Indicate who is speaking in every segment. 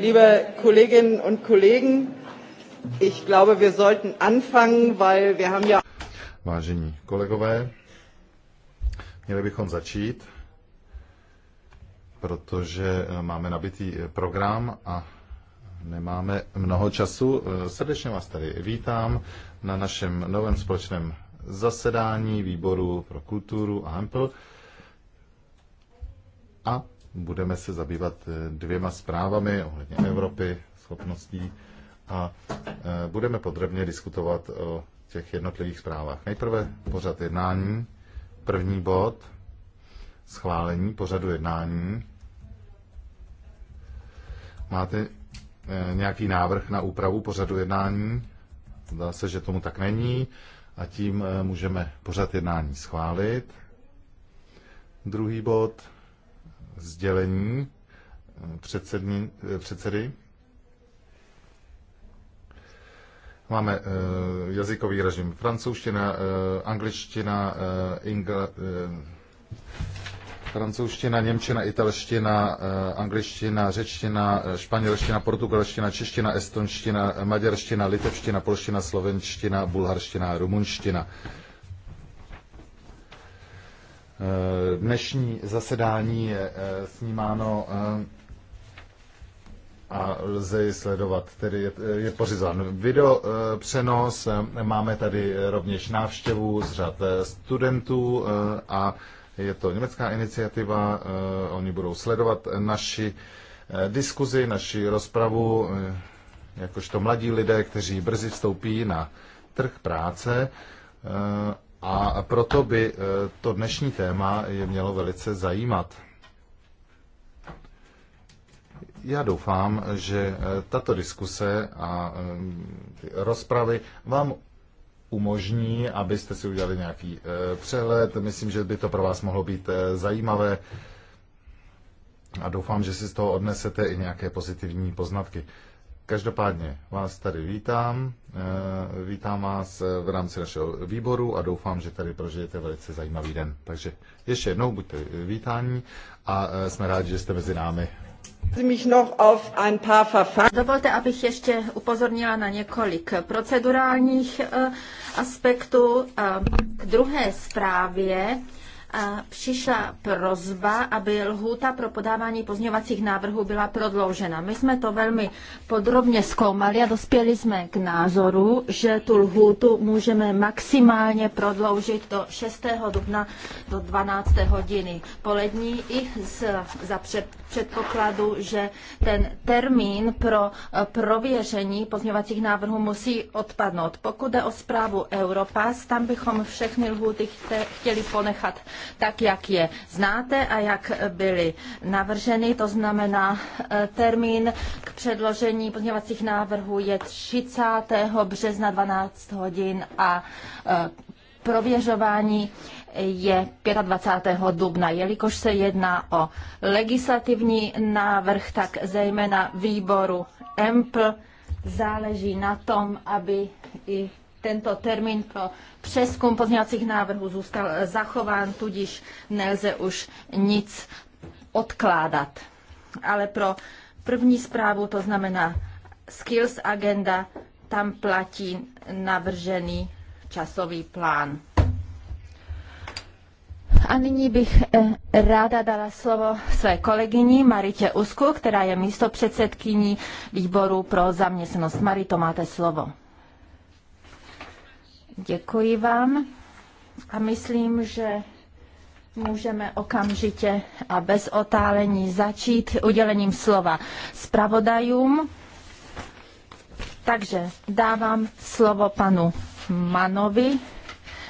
Speaker 1: Liebe Kolleginnen und Kollegen, ich glaube, wir sollten anfangen, weil wir haben ja...
Speaker 2: Vážení kolegové, měli bychom začít, protože eh, máme nabitý eh, program a nemáme mnoho času. Eh, srdečně vás tady vítám na našem novém společném zasedání výboru pro kulturu a Hempel a budeme se zabývat eh, dvěma zprávami ohledně Evropy, schopností a eh, budeme podrobně diskutovat o těch jednotlivých zprávách. Nejprve pořad jednání, první bod, schválení pořadu jednání. Máte eh, nějaký návrh na úpravu pořadu jednání? Zdá se, že tomu tak není a tím můžeme pořad jednání schválit. Druhý bod, sdělení eh, předsední, eh, předsedy. Máme eh, jazykový režim francouzština, angličtina, ingla, francouzština, němčina, italština, angličtina, řečtina, španělština, portugalština, čeština, estonština, maďarština, litevština, polština, slovenština, bulharština, rumunština. Eh, dnešní zasedání je eh, snímáno eh, a lze ji sledovat, tedy je, je pořizován video přenos, máme tady rovněž návštěvu z řad studentů a je to německá iniciativa, oni budou sledovat naši diskuzi, naši rozpravu, jakožto mladí lidé, kteří brzy vstoupí na trh práce a proto by eh, to dnešní téma je mělo velice zajímat. Já doufám, že eh, tato diskuse a eh, rozpravy vám umožní, abyste si udělali nějaký přehled. Myslím, že by to pro vás mohlo být zajímavé a doufám, že si z toho odnesete i nějaké pozitivní poznatky. Každopádně vás tady vítám, eh, vítám vás v rámci našeho výboru a doufám, že tady prožijete velice zajímavý den. Takže ještě jednou buďte vítání a eh, jsme rádi, že jste mezi námi.
Speaker 3: Dovolte, abych ještě upozornila na několik procedurálních eh, aspektů. Ehm, k druhé zprávě přišla prozba, aby lhůta pro podávání pozměňovacích návrhů byla prodloužena. My jsme to velmi podrobně zkoumali a dospěli jsme k názoru, že tu lhůtu můžeme maximálně prodloužit do 6. dubna do 12. hodiny polední i z, za před, předpokladu, že ten termín pro eh, prověření pozměňovacích návrhů musí odpadnout. Pokud jde o zprávu Europass, tam bychom všechny lhůty chtěli ponechat tak, jak je znáte a jak byly navrženy. To znamená, e, termín k předložení pozměňovacích návrhů je 30. března 12 hodin a e, prověřování je 25. dubna. Jelikož se jedná o legislativní návrh, tak zejména výboru EMPL záleží na tom, aby i tento termín pro přeskum pozměňovacích návrhů zůstal zachován, tudíž nelze už nic odkládat. Ale pro první zprávu, to znamená Skills Agenda, tam platí navržený časový plán. A nyní bych eh, ráda dala slovo své kolegyni Maritě Usku, která je místo předsedkyní výboru pro zaměstnanost. Marito, máte slovo. Děkuji vám a myslím, že můžeme okamžitě a bez otálení začít udělením slova zpravodajům. Takže dávám slovo panu Manovi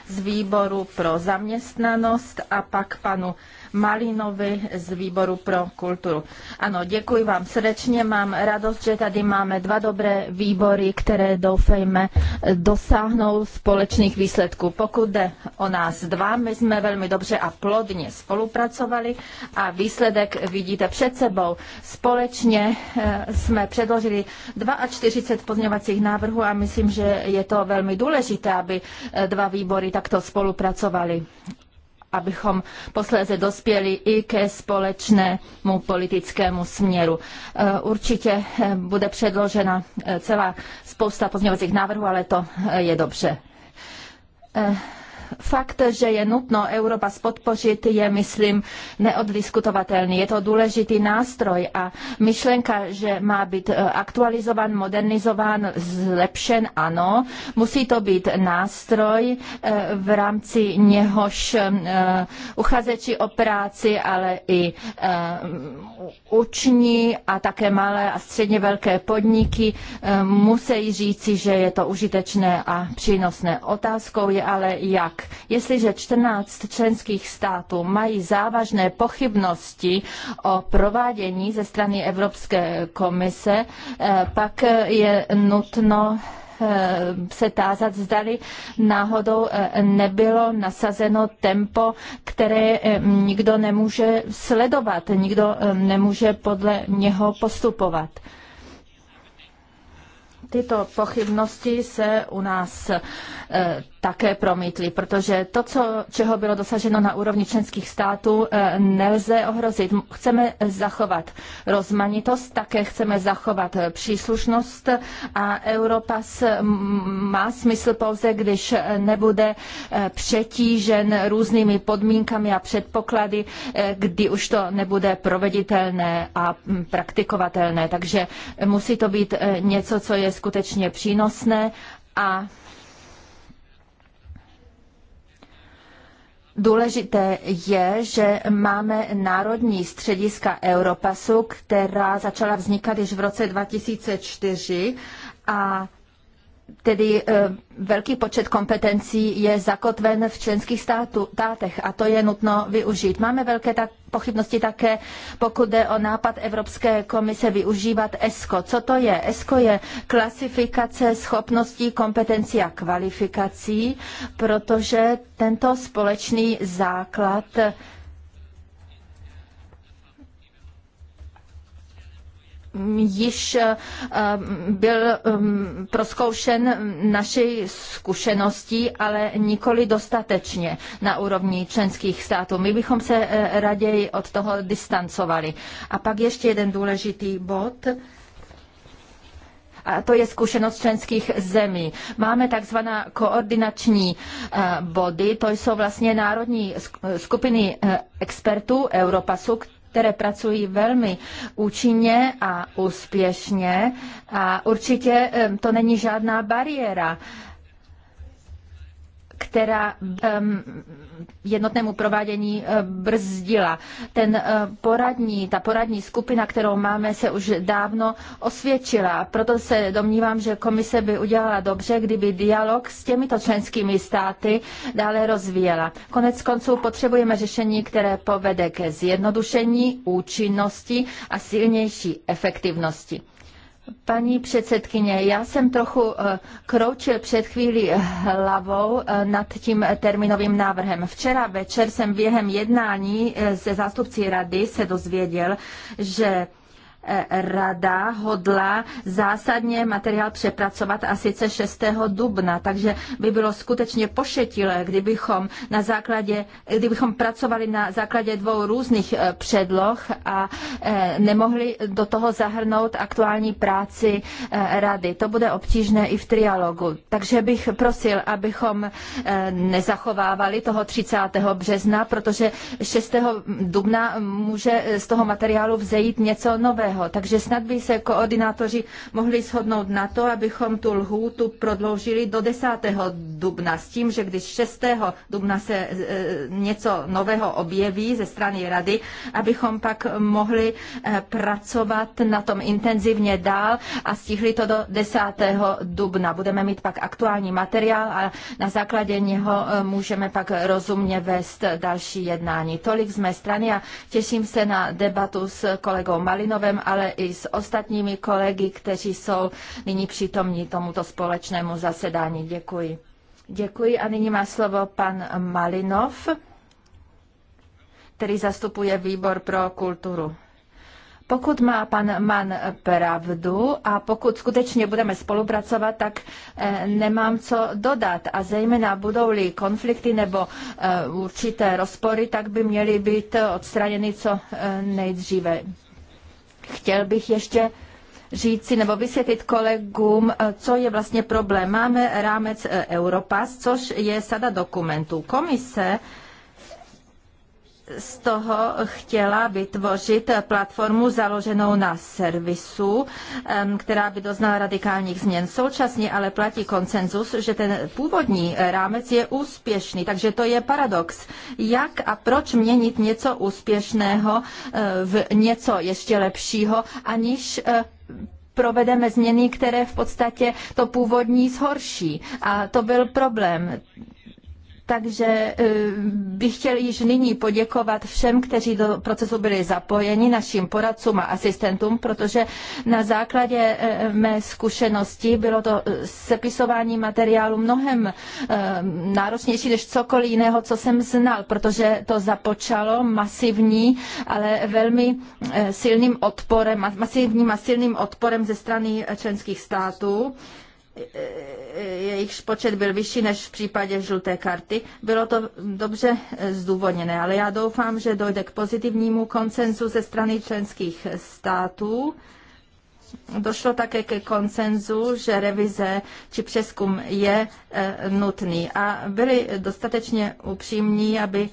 Speaker 3: z výboru pro zaměstnanost a pak panu Malinovi z Výboru pro kulturu. Ano, děkuji vám srdečně, mám radost, že tady máme dva dobré výbory, které doufejme dosáhnou společných výsledků. Pokud jde o nás dva, my jsme velmi dobře a plodně spolupracovali a výsledek vidíte před sebou. Společně eh, jsme předložili 42 pozměňovacích návrhů a myslím, že je to velmi důležité, aby eh, dva výbory takto spolupracovali abychom posléze dospěli i ke společnému politickému směru. Eh, určitě eh, bude předložena eh, celá spousta pozměňovacích návrhů, ale to je dobře. Fakt, že je nutno Europas podpořit, je, myslím, neoddiskutovatelný. Je to důležitý nástroj a myšlenka, že má být eh, aktualizován, modernizován, zlepšen, ano. Musí to být nástroj, eh, v rámci něhož eh, uchazeči o práci, ale i uční a také malé a středně velké podniky musí říci, že je to užitečné a přínosné. Otázkou je ale jak jestliže 14 členských států mají závažné pochybnosti o provádění ze strany Evropské komise, eh, pak je nutno eh, se tázat, zdali náhodou eh, nebylo nasazeno tempo, které nikdo nemůže sledovat, nikdo nemůže podle něho postupovat. Tyto pochybnosti se u nás také promítli, protože to, co, čeho bylo dosaženo na úrovni členských států, eh, nelze ohrozit. Chceme zachovat rozmanitost, také chceme zachovat příslušnost a Europa má smysl pouze, když nebude eh, přetížen různými podmínkami a předpoklady, eh, kdy už to nebude proveditelné a praktikovatelné. Takže musí to být něco, co je skutečně přínosné a Důležité je, že máme národní střediska Europasu, která začala vznikat již v roce 2004 a tedy eh, velký počet kompetencí je zakotven v členských státech a to je nutno využít. Máme velké tak, pochybnosti také, pokud jde o nápad Evropské komise využívat ESCO. Co to je? ESCO je klasifikace schopností, kompetencí a kvalifikací, protože tento společný základ již eh, byl eh, proskoušen naší zkušeností, ale nikoli dostatečně na úrovni členských států. My bychom se eh, raději od toho distancovali. A pak ještě jeden důležitý bod a to je zkušenost členských zemí. Máme takzvaná koordinační body, to jsou vlastně národní skupiny expertů Europasu, které pracují velmi účinně a úspěšně a určitě to není žádná bariéra která jednotnému provádění eh, brzdila. Ten eh, poradní, ta poradní skupina, kterou máme, se už dávno osvědčila. Proto se domnívám, že komise by udělala dobře, kdyby dialog s těmito členskými státy dále rozvíjela. Konec konců potřebujeme řešení, které povede ke zjednodušení, účinnosti a silnější efektivnosti. Paní předsedkyně, já jsem trochu eh, kroučil před chvílí hlavou eh, nad tím termínovým návrhem. Včera večer jsem během jednání eh, se zástupci rady se dozvěděl, že rada hodla zásadně materiál přepracovat a sice 6. dubna, takže by bylo skutečně pošetilé, kdybychom, na základě, kdybychom pracovali na základě dvou různých eh, předloh a eh, nemohli do toho zahrnout aktuální práci eh, rady. To bude obtížné i v trialogu. Takže bych prosil, abychom nezachovávali toho 30. března, protože 6. dubna může z toho materiálu vzejít něco nového nového. Takže snad by se koordinátoři mohli shodnout na to, abychom tu lhůtu prodloužili do 10. dubna s tím, že když 6. dubna se e, něco nového objeví ze strany rady, abychom pak mohli e, pracovat na tom intenzivně dál a stihli to do 10. dubna. Budeme mít pak aktuální materiál a na základě něho e, můžeme pak rozumně vést další jednání. Tolik z mé strany a těším se na debatu s kolegou Malinovem ale i s ostatními kolegy, kteří jsou nyní přítomní tomuto společnému zasedání. Děkuji. Děkuji a nyní má slovo pan Malinov, který zastupuje výbor pro kulturu. Pokud má pan Mann pravdu a pokud skutečně budeme spolupracovat, tak eh, nemám co dodat. A zejména budou-li konflikty nebo eh, určité rozpory, tak by měly být odstraněny co eh, nejdříve. Chtěl bych ještě říci nebo vysvětlit kolegům, eh, co je vlastně problém. Máme rámec eh, Europass, což je sada dokumentů. Komise z toho chtěla vytvořit platformu založenou na servisu, která by doznala radikálních změn. Současně ale platí konsenzus, že ten původní rámec je úspěšný, takže to je paradox. Jak a proč měnit něco úspěšného eh, v něco ještě lepšího, aniž eh, provedeme změny, které v podstatě to původní zhorší. A to byl problém. Takže eh, bych chtěl již nyní poděkovat všem, kteří do procesu byli zapojeni, našim poradcům a asistentům, protože na základě eh, mé zkušenosti bylo to eh, sepisování materiálu mnohem náročnější než cokoliv jiného, co jsem znal, protože to započalo masivní, ale velmi silným odporem, masivním a silným odporem ze strany členských států E, e, jejichž počet byl vyšší než v případě žluté karty. Bylo to dobře zdůvodněné, ale já doufám, že dojde k pozitivnímu koncenzu ze strany členských států. Došlo také ke koncenzu, že revize či přeskum je e, nutný a byli dostatečně upřímní, aby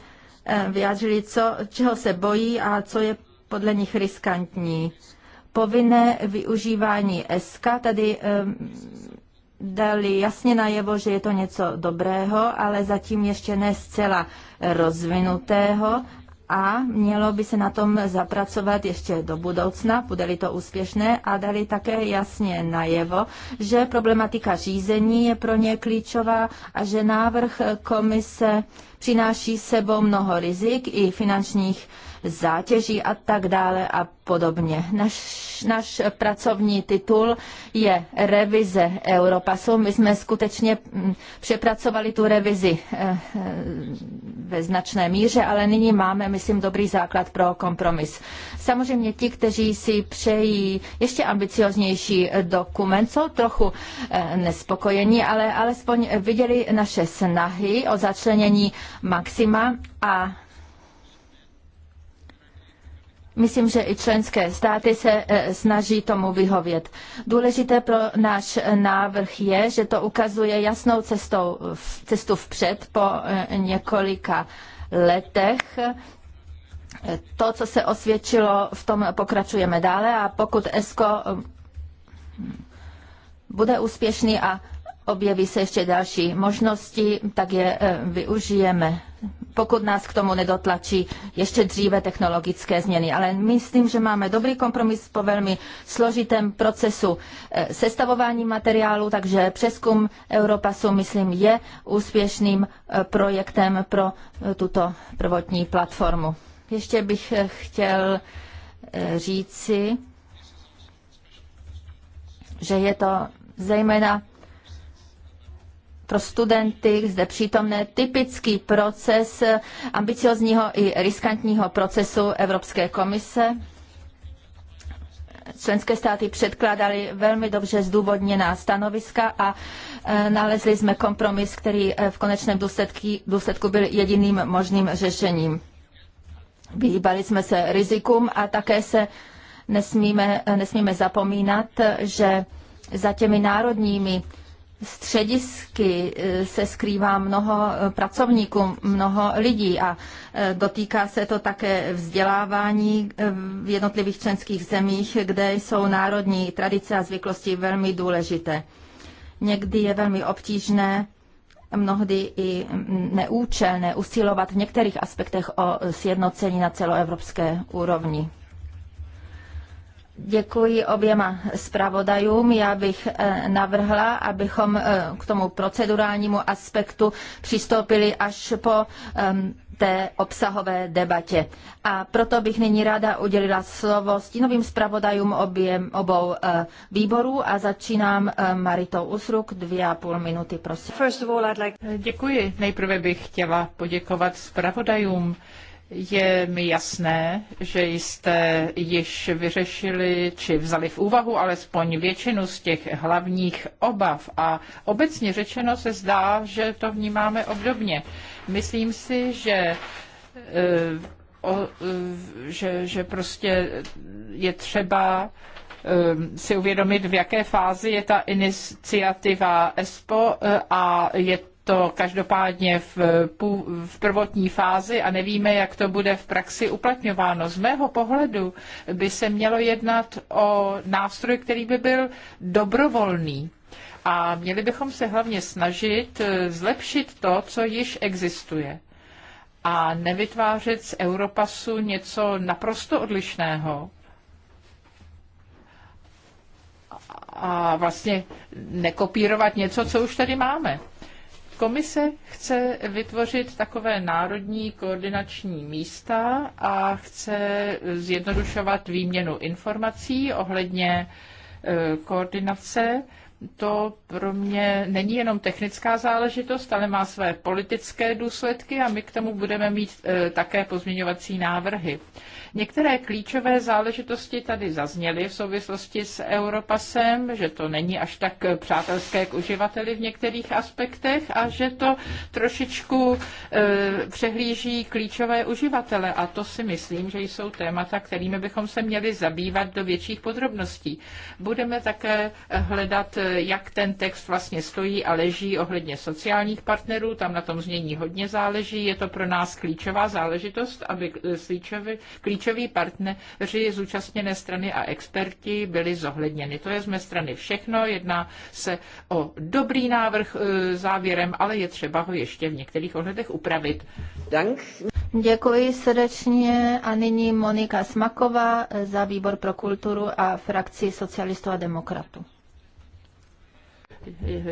Speaker 3: vyjádřili, co, čeho se bojí a co je podle nich riskantní. Povinné využívání SK, tady dali jasně najevo, že je to něco dobrého, ale zatím ještě ne zcela rozvinutého a mělo by se na tom zapracovat ještě do budoucna, bude-li to úspěšné a dali také jasně najevo, že problematika řízení je pro ně klíčová a že návrh komise přináší sebou mnoho rizik i finančních zátěží a tak dále a podobně. Naš, naš pracovní titul je Revize Europasu. My jsme skutečně mm, přepracovali tu revizi eh, eh, ve značné míře, ale nyní máme, myslím, dobrý základ pro kompromis. Samozřejmě ti, kteří si přejí ještě ambicioznější dokument, jsou trochu eh, nespokojení, ale alespoň viděli naše snahy o začlenění maxima a Myslím, že i členské státy se eh, snaží tomu vyhovět. Důležité pro náš eh, návrh je, že to ukazuje jasnou cestou, cestu vpřed po eh, několika letech. To, co se osvědčilo, v tom pokračujeme dále a pokud ESCO bude úspěšný a objeví se ještě další možnosti, tak je eh, využijeme, pokud nás k tomu nedotlačí ještě dříve technologické změny. Ale myslím, že máme dobrý kompromis po velmi složitém procesu eh, sestavování materiálu, takže přeskum Europasu, myslím, je úspěšným eh, projektem pro tuto prvotní platformu. Ještě bych chtěl říci, že je to zejména pro studenty zde přítomné typický proces ambiciozního i riskantního procesu Evropské komise. Členské státy předkládaly velmi dobře zdůvodněná stanoviska a e, nalezli jsme kompromis, který e, v konečném důsledku byl jediným možným řešením. Vyhýbali jsme se rizikům a také se nesmíme, e, nesmíme zapomínat, že za těmi národními středisky eh, se skrývá mnoho eh, pracovníků, mnoho lidí a eh, dotýká se to také vzdělávání v jednotlivých členských zemích, kde jsou národní tradice a zvyklosti velmi důležité. Někdy je velmi obtížné mnohdy i mm, neúčelné usilovat v některých aspektech o sjednocení na celoevropské úrovni. Děkuji oběma zpravodajům. Já bych eh, navrhla, abychom eh, k tomu procedurálnímu aspektu přistoupili až po ehm, té obsahové debatě. A proto bych nyní ráda udělila slovo stínovým zpravodajům obě, obou eh, výborů a začínám Maritou Usruk, dvě a půl minuty, prosím.
Speaker 1: Děkuji. Nejprve bych chtěla poděkovat zpravodajům je mi jasné, že jste již vyřešili či vzali v úvahu alespoň většinu z těch hlavních obav a obecně řečeno se zdá, že to vnímáme obdobně. Myslím si, že eh, eh, že, že prostě je třeba eh, si uvědomit, v jaké fázi je ta iniciativa ESPO a je to každopádně v, v prvotní fázi a nevíme, jak to bude v praxi uplatňováno. Z mého pohledu by se mělo jednat o nástroj, který by byl dobrovolný. A měli bychom se hlavně snažit eh, zlepšit to, co již existuje. A nevytvářet z Europasu něco naprosto odlišného, a vlastně nekopírovat něco, co už tady máme. Komise chce vytvořit takové národní koordinační místa a chce zjednodušovat výměnu informací ohledně e, koordinace to pro mě není jenom technická záležitost, ale má své politické důsledky a my k tomu budeme mít e, také pozměňovací návrhy. Některé klíčové záležitosti tady zazněly v souvislosti s Europasem, že to není až tak přátelské k uživateli v některých aspektech a že to trošičku e, přehlíží klíčové uživatele. A to si myslím, že jsou témata, kterými bychom se měli zabývat do větších podrobností. Budeme také hledat, eh, jak ten text vlastně stojí a leží ohledně sociálních partnerů. Tam na tom znění hodně záleží. Je to pro nás klíčová záležitost, aby eh, klíčové klíčoví partneři, zúčastněné strany a experti byli zohledněni. To je z mé strany všechno. Jedná se o dobrý návrh e, závěrem, ale je třeba ho ještě v některých ohledech upravit. Dank.
Speaker 3: Děkuji srdečně a nyní Monika Smaková za výbor pro kulturu a frakci socialistů a demokratů.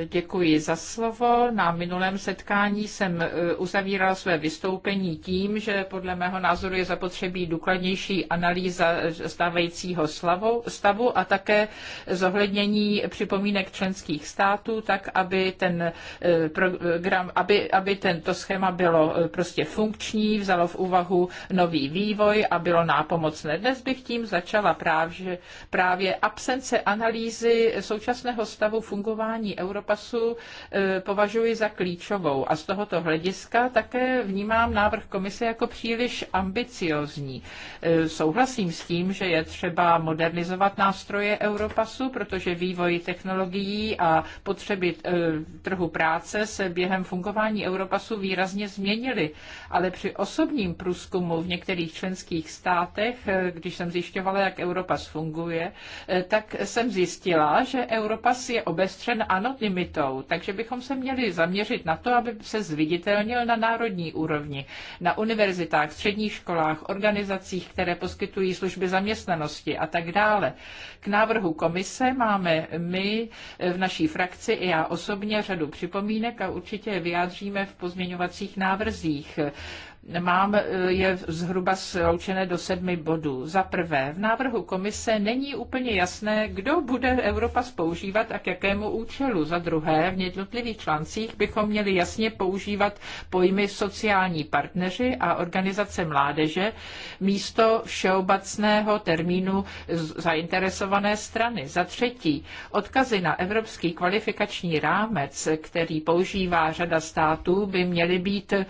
Speaker 1: Děkuji za slovo. Na minulém setkání jsem e, uzavíral své vystoupení tím, že podle mého názoru je zapotřebí důkladnější analýza stávajícího stavu a také zohlednění připomínek členských států, tak aby ten e, program, aby, aby tento schéma bylo e, prostě funkční, vzalo v úvahu nový vývoj a bylo nápomocné. Dnes bych tím začala právě, právě absence analýzy současného stavu fungování fungování Europasu eh, považuji za klíčovou a z tohoto hlediska také vnímám návrh komise jako příliš ambiciozní. Eh, souhlasím s tím, že je třeba modernizovat nástroje Europasu, protože vývoj technologií a potřeby eh, trhu práce se během fungování Europasu výrazně změnily, ale při osobním průzkumu v některých členských státech, když jsem zjišťovala, jak Europass funguje, tak jsem zjistila, že Europass je obestřen anonymitou, takže bychom se měli zaměřit na to, aby se zviditelnil na národní úrovni, na univerzitách, středních školách, organizacích, které poskytují služby zaměstnanosti a tak dále. K návrhu komise máme my v naší frakci i já osobně řadu připomínek a určitě je vyjádříme v pozměňovacích návrzích mám, e, je zhruba sloučené do sedmi bodů. Za prvé, v návrhu komise není úplně jasné, kdo bude Evropa používat a k jakému účelu. Za druhé, v jednotlivých článcích bychom měli jasně používat pojmy sociální partneři a organizace mládeže místo všeobecného termínu zainteresované strany. Za třetí, odkazy na evropský kvalifikační rámec, který používá řada států, by měly být e,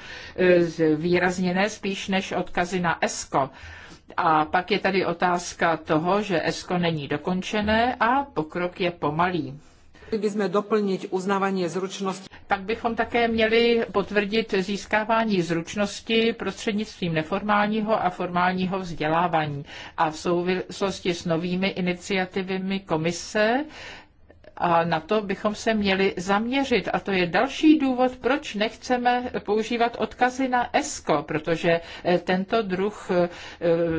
Speaker 1: zvětšené zvýrazněné spíš než odkazy na ESCO. A pak je tady otázka toho, že ESCO není dokončené a pokrok je pomalý. Bychom doplnit uznávání zručnosti. Pak bychom také měli potvrdit získávání zručnosti prostřednictvím neformálního a formálního vzdělávání. A v souvislosti s novými iniciativami komise a na to bychom se měli zaměřit. A to je další důvod, proč nechceme používat odkazy na ESCO, protože eh, tento druh eh,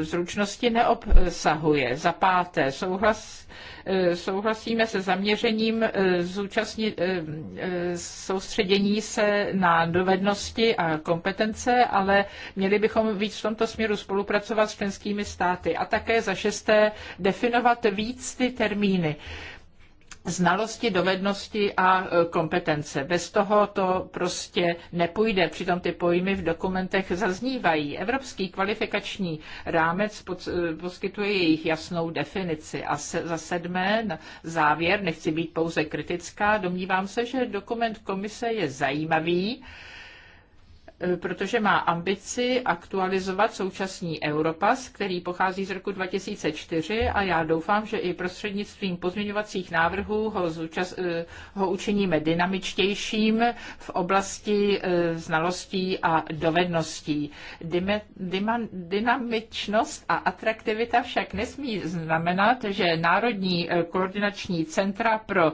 Speaker 1: zručnosti neobsahuje. Za páté, souhlas, eh, souhlasíme se zaměřením zúčastni, soustředění se na dovednosti a kompetence, ale měli bychom víc v tomto směru spolupracovat s členskými státy. A také za šesté, definovat víc ty termíny znalosti, dovednosti a e, kompetence. Bez toho to prostě nepůjde. Přitom ty pojmy v dokumentech zaznívají. Evropský kvalifikační rámec e, poskytuje jejich jasnou definici. A se, za sedmé, závěr, nechci být pouze kritická, domnívám se, že dokument komise je zajímavý. Eh, protože má ambici aktualizovat současný Europass, který pochází z roku 2004 a já doufám, že i prostřednictvím pozměňovacích návrhů ho, eh, ho učiníme dynamičtějším v oblasti eh, znalostí a dovedností. Dime, dyma, dynamičnost a atraktivita však nesmí znamenat, že Národní koordinační centra pro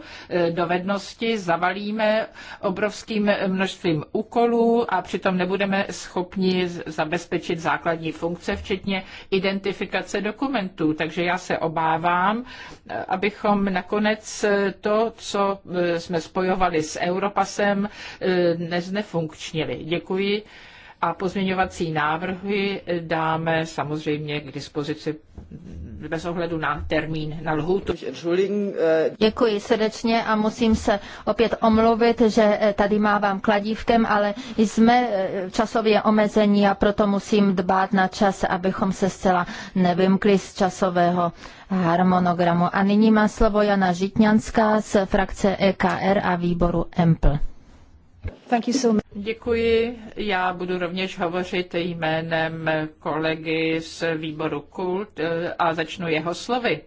Speaker 1: dovednosti zavalíme obrovským množstvím úkolů a přitom potom nebudeme schopni zabezpečit základní funkce, včetně identifikace dokumentů. Takže já se obávám, eh, abychom nakonec eh, to, co eh, jsme spojovali s Europasem, neznefunkčnili. Děkuji a pozměňovací návrhy dáme samozřejmě k dispozici bez ohledu na termín, na lhůtu. Děkuji srdečně
Speaker 3: a musím se opět omluvit, že eh, tady mávám kladívkem, ale jsme eh, časově omezení a proto musím dbát na čas, abychom se zcela nevymkli z časového harmonogramu. A nyní má slovo Jana Žitňanská z frakce EKR a výboru EMPL.
Speaker 1: Děkuji. Já budu rovněž hovořit jménem kolegy z výboru KULT eh, a začnu jeho slovy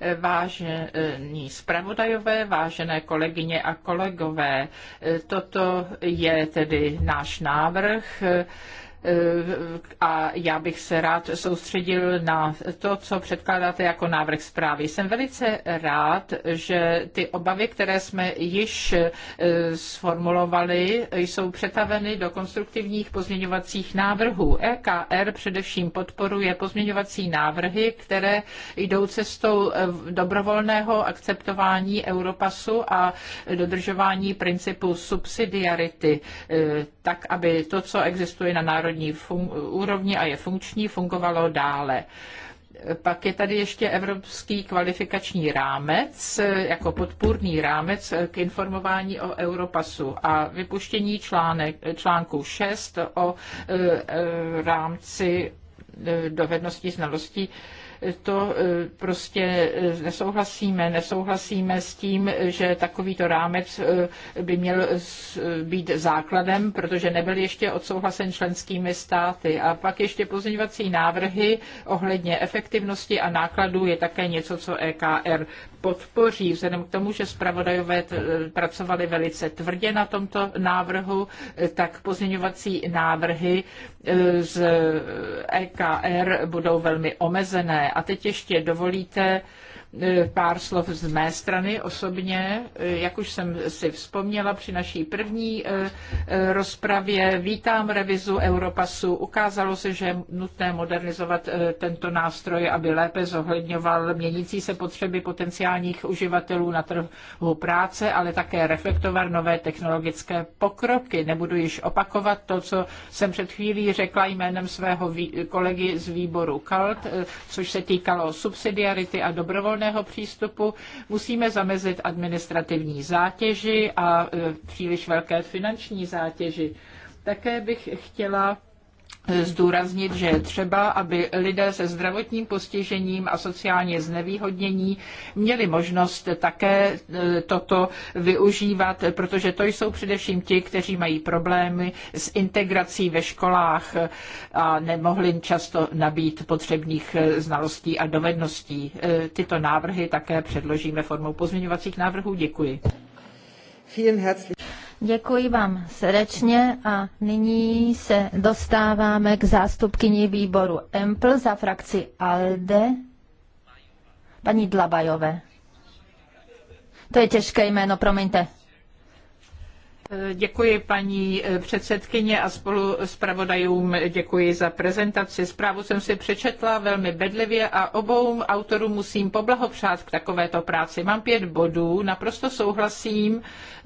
Speaker 1: eh, vážení zpravodajové, vážené kolegyně a kolegové. Eh, toto je tedy náš návrh Eh, a já bych se rád soustředil na to, co předkládáte jako návrh zprávy. Jsem velice rád, že ty obavy, které jsme již eh, sformulovali, jsou přetaveny do konstruktivních pozměňovacích návrhů. EKR především podporuje pozměňovací návrhy, které jdou cestou eh, dobrovolného akceptování Europasu a dodržování principu subsidiarity, tak aby to, co existuje na národní národní úrovni a je funkční, fungovalo dále. Pak je tady ještě Evropský kvalifikační rámec jako podpůrný rámec k informování o Europasu a vypuštění článek, článku 6 o e, e, rámci e, dovedností znalostí to e, prostě e, nesouhlasíme. Nesouhlasíme s tím, že takovýto rámec e, by měl být základem, protože nebyl ještě odsouhlasen členskými státy. A pak ještě pozměňovací návrhy ohledně efektivnosti a nákladů je také něco, co EKR podpoří, vzhledem k tomu, že zpravodajové pracovali velice tvrdě na tomto návrhu, tak pozměňovací návrhy e, z EKR budou velmi omezené. A teď ještě dovolíte, Eh, pár slov z mé strany osobně, eh, jak už jsem si vzpomněla při naší první eh, rozpravě, vítám revizu Europasu. Ukázalo se, že je nutné modernizovat tento nástroj, aby lépe zohledňoval měnící se potřeby potenciálních uživatelů na trhu práce, ale také reflektovat nové technologické pokroky. Nebudu již opakovat to, co jsem před chvílí řekla jménem svého kolegy z výboru KALT, což se týkalo subsidiarity a dobrovolné rovnoměrného přístupu, musíme zamezit administrativní zátěži a e, příliš velké finanční zátěži. Také bych chtěla zdůraznit, že je třeba, aby lidé se zdravotním postižením a sociálně znevýhodnění měli možnost také e, toto využívat, protože to jsou především ti, kteří mají problémy s integrací ve školách a nemohli často nabít potřebných e, znalostí a dovedností. E, tyto návrhy také předložíme formou pozměňovacích návrhů. Děkuji.
Speaker 3: Děkuji vám srdečně a nyní se dostáváme k zástupkyni výboru EMPL za frakci ALDE, paní Dlabajové. To je těžké jméno, promiňte.
Speaker 1: Děkuji paní předsedkyně a spolu s pravodajům děkuji za prezentaci. Zprávu jsem si přečetla velmi bedlivě a obou autorům musím poblahopřát k takovéto práci. Mám pět bodů, naprosto souhlasím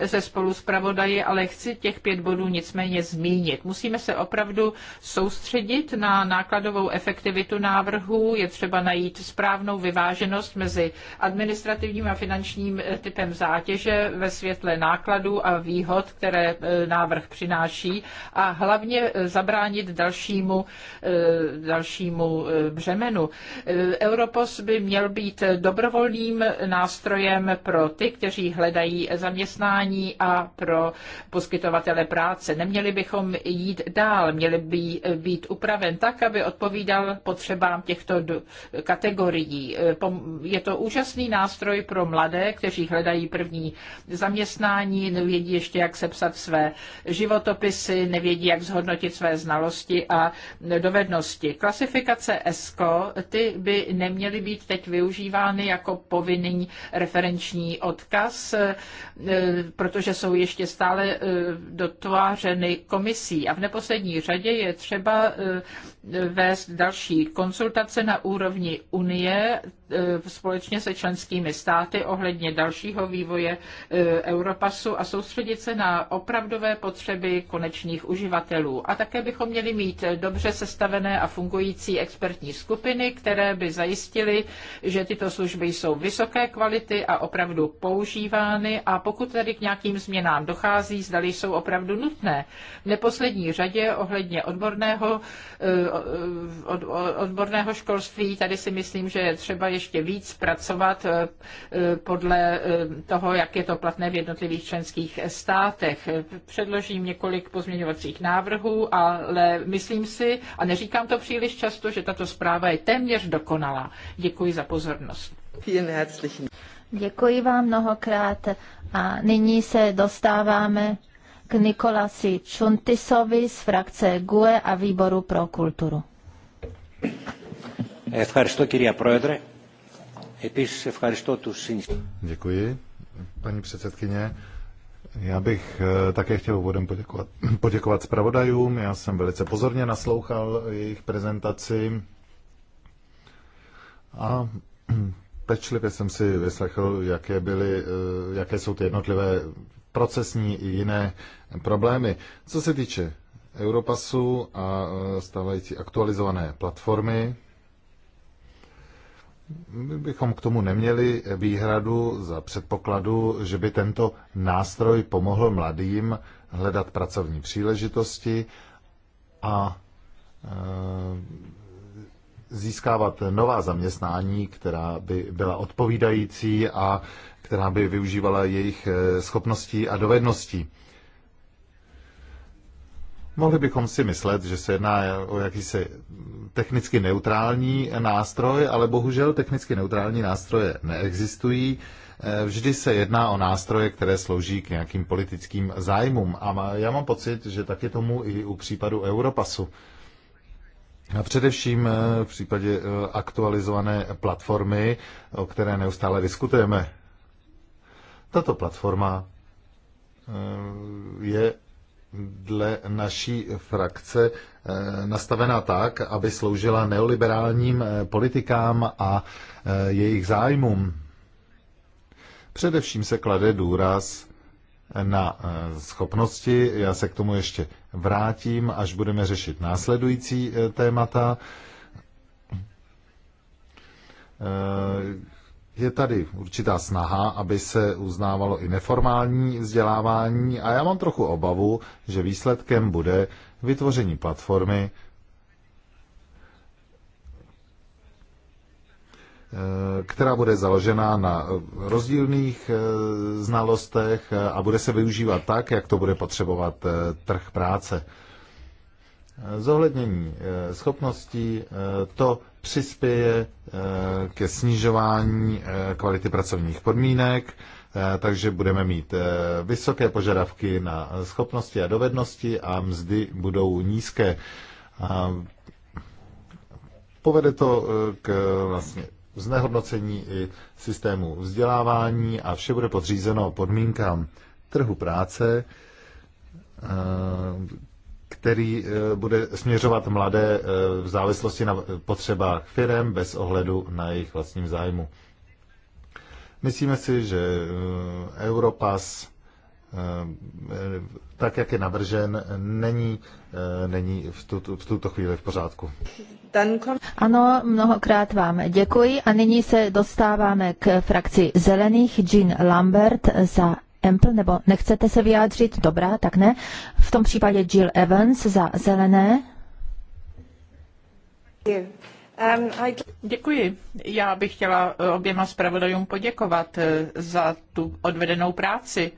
Speaker 1: se spolu s pravodaji, ale chci těch pět bodů nicméně zmínit. Musíme se opravdu soustředit na nákladovou efektivitu návrhu, je třeba najít správnou vyváženost mezi administrativním a finančním typem zátěže ve světle nákladů a výhod, které e, návrh přináší a hlavně e, zabránit dalšímu, e, dalšímu břemenu. Europos by měl být dobrovolným nástrojem pro ty, kteří hledají zaměstnání a pro poskytovatele práce. Neměli bychom jít dál, měli by být upraven tak, aby odpovídal potřebám těchto kategorií. Je to úžasný nástroj pro mladé, kteří hledají první zaměstnání, nevědí ještě, jak sepsat své životopisy, nevědí, jak zhodnotit své znalosti a dovednosti. Klasifikace ESCO, ty by neměly být teď využívány jako povinný referenční odkaz, eh, protože jsou ještě stále eh, dotvářeny komisí. A v neposlední řadě je třeba eh, vést další konsultace na úrovni Unie e, společně se členskými státy ohledně dalšího vývoje e, Europasu a soustředit se na opravdové potřeby konečných uživatelů. A také bychom měli mít dobře sestavené a fungující expertní skupiny, které by zajistily, že tyto služby jsou vysoké kvality a opravdu používány a pokud tedy k nějakým změnám dochází, zdali jsou opravdu nutné. V neposlední řadě ohledně odborného e, od, odborného školství. Tady si myslím, že je třeba ještě víc pracovat eh, eh, podle eh, toho, jak je to platné v jednotlivých členských státech. Předložím několik pozměňovacích návrhů, ale myslím si, a neříkám to příliš často, že tato zpráva je téměř dokonalá. Děkuji za pozornost.
Speaker 3: Děkuji vám mnohokrát a nyní se dostáváme k Nikolasi Čuntisovi z frakce GUE a výboru pro kulturu.
Speaker 2: Děkuji, paní předsedkyně. Já bych eh, také chtěl úvodem poděkovat, poděkovat zpravodajům. Já jsem velice pozorně naslouchal jejich prezentaci a pečlivě jsem si vyslechl, jaké, byly, eh, jaké jsou ty jednotlivé procesní i jiné problémy. Co se týče Europasu a e, stávající aktualizované platformy, my bychom k tomu neměli výhradu za předpokladu, že by tento nástroj pomohl mladým hledat pracovní příležitosti a e, získávat nová zaměstnání, která by byla odpovídající a která by využívala jejich eh, schopností a dovedností. Mohli bychom si myslet, že se jedná o jakýsi technicky neutrální nástroj, ale bohužel technicky neutrální nástroje neexistují. Eh, vždy se jedná o nástroje, které slouží k nějakým politickým zájmům. A já mám pocit, že tak je tomu i u případu Europasu. A především eh, v případě aktualizované platformy, o které neustále diskutujeme. Tato platforma eh, je dle naší frakce eh, nastavena tak, aby sloužila neoliberálním eh, politikám a jejich zájmům. Především se klade důraz na schopnosti, já se k tomu ještě vrátím, až budeme řešit následující témata je tady určitá snaha, aby se uznávalo i neformální vzdělávání a já mám trochu obavu, že výsledkem bude vytvoření platformy, eh, která bude založena na rozdílných eh, znalostech a bude se využívat tak, jak to bude potřebovat eh, trh práce. Zohlednění schopností, to přispěje eh, ke snižování eh, kvality pracovních podmínek, eh, takže budeme mít vysoké požadavky na schopnosti a dovednosti a mzdy budou nízké. Povede to k vlastně znehodnocení i systému vzdělávání a vše bude podřízeno podmínkám trhu práce, který eh, bude směřovat mladé eh, v závislosti na potřebách firem bez ohledu na jejich vlastním zájmu. Myslíme si, že eh, Europass tak, jak je navržen, není, není v, tuto, v tuto chvíli v pořádku.
Speaker 3: Ano, mnohokrát vám děkuji a nyní se dostáváme k frakci Zelených Jean Lambert za Ample, nebo nechcete se vyjádřit? Dobrá, tak ne. V tom případě Jill Evans za zelené.
Speaker 1: Děkuji. Já bych chtěla eh, oběma zpravodajům poděkovat eh, za tu odvedenou práci.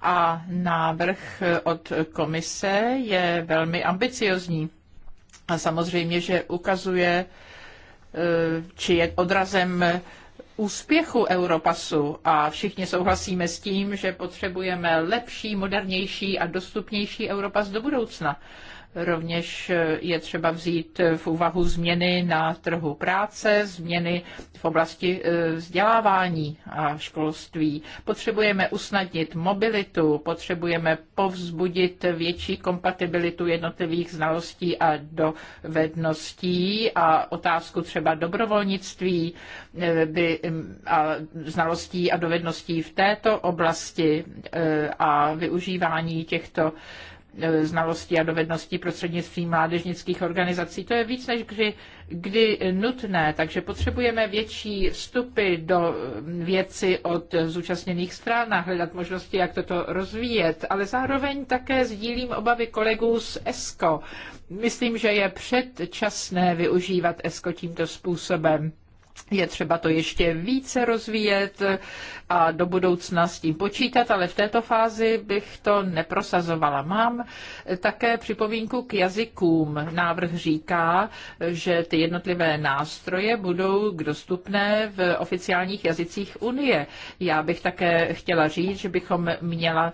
Speaker 1: A návrh eh, od komise je velmi ambiciozní. A samozřejmě, že ukazuje, či je odrazem úspěchu Europasu a všichni souhlasíme s tím, že potřebujeme lepší, modernější a dostupnější Europas do budoucna. Rovněž je třeba vzít v úvahu změny na trhu práce, změny v oblasti e, vzdělávání a školství. Potřebujeme usnadnit mobilitu, potřebujeme povzbudit větší kompatibilitu jednotlivých znalostí a dovedností a otázku třeba dobrovolnictví e, by, a znalostí a dovedností v této oblasti e, a využívání těchto Eh, znalostí a dovedností prostřednictvím mládežnických organizací. To je víc než kdy, kdy nutné, takže potřebujeme větší vstupy do věci od zúčastněných stran a hledat možnosti, jak toto rozvíjet, ale zároveň také sdílím obavy kolegů z ESCO. Myslím, že je předčasné využívat ESCO tímto způsobem je třeba to ještě více rozvíjet a do budoucna s tím počítat, ale v této fázi bych to neprosazovala. Mám také připomínku k jazykům. Návrh říká, že ty jednotlivé nástroje budou dostupné v oficiálních jazycích Unie. Já bych také chtěla říct, že bychom, měla,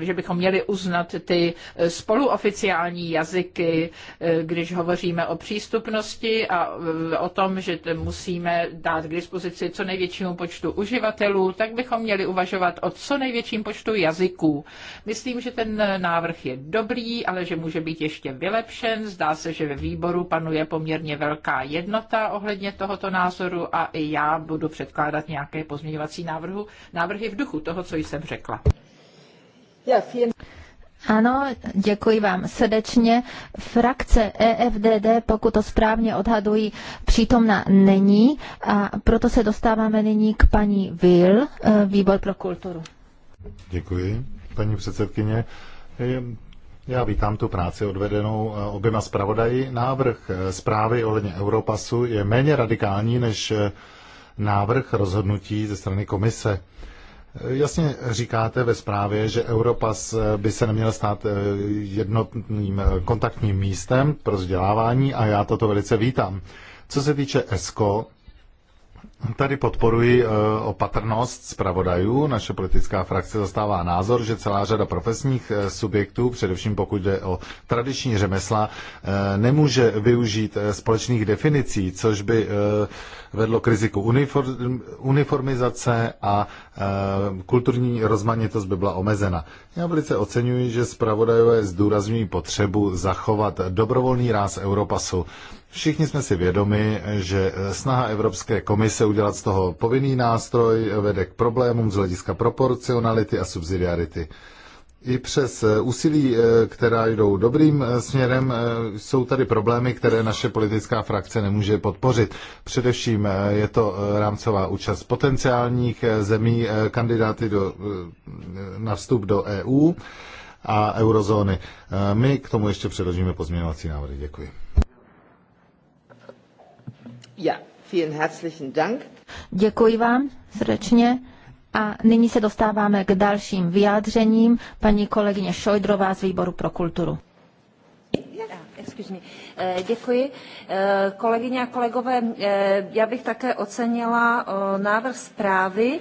Speaker 1: eh, že bychom měli uznat ty spoluoficiální jazyky, eh, když hovoříme o přístupnosti a eh, o tom, že musíme snažíme dát k dispozici co největšímu počtu uživatelů, tak bychom měli uvažovat o co největším počtu jazyků. Myslím, že ten návrh je dobrý, ale že může být ještě vylepšen. Zdá se, že ve výboru panuje poměrně velká jednota ohledně tohoto názoru a i já budu předkládat nějaké pozměňovací návrhu, návrhy v duchu toho, co jsem řekla.
Speaker 3: Ja, vielen... Ano, děkuji vám srdečně. Frakce EFDD, pokud to správně odhadují, přítomna není a proto se dostáváme nyní k paní Will, eh, Výbor pro kulturu.
Speaker 2: Děkuji, paní předsedkyně. Já vítám tu práci odvedenou eh, oběma zpravodaji. Návrh eh, zprávy ohledně Europasu je méně radikální než návrh rozhodnutí ze strany komise. Jasně říkáte ve zprávě, že Europa by se neměla stát eh, jednotným eh, kontaktním místem pro vzdělávání a já toto velice vítám. Co se týče ESCO, Tady podporuji eh, opatrnost zpravodajů. Naše politická frakce zastává názor, že celá řada profesních subjektů, především pokud jde o tradiční řemesla, nemůže využít společných definicí, což by vedlo k riziku uniformizace a eh, kulturní rozmanitost by byla omezena. Já velice oceňuji, že zpravodajové zdůrazňují potřebu zachovat dobrovolný ráz Europasu. Všichni jsme si vědomi, že eh, snaha Evropské komise udělat z toho povinný nástroj vede k problémům z hlediska proporcionality a subsidiarity i přes eh, úsilí, eh, která jdou dobrým eh, směrem, jsou tady problémy, které naše politická frakce nemůže podpořit. Především je to rámcová účast potenciálních zemí kandidáty do, na vstup do EU a eurozóny. My k tomu ještě předložíme pozměňovací návrhy. Děkuji.
Speaker 1: Ja, vielen herzlichen Dank.
Speaker 3: Děkuji vám srdečně. A nyní se dostáváme k dalším vyjádřením. Paní kolegyně Šojdrová z Výboru pro kulturu.
Speaker 4: Yeah. Excuse me. Eh, děkuji. Eh, kolegyně a kolegové, eh, já bych také ocenila návrh zprávy.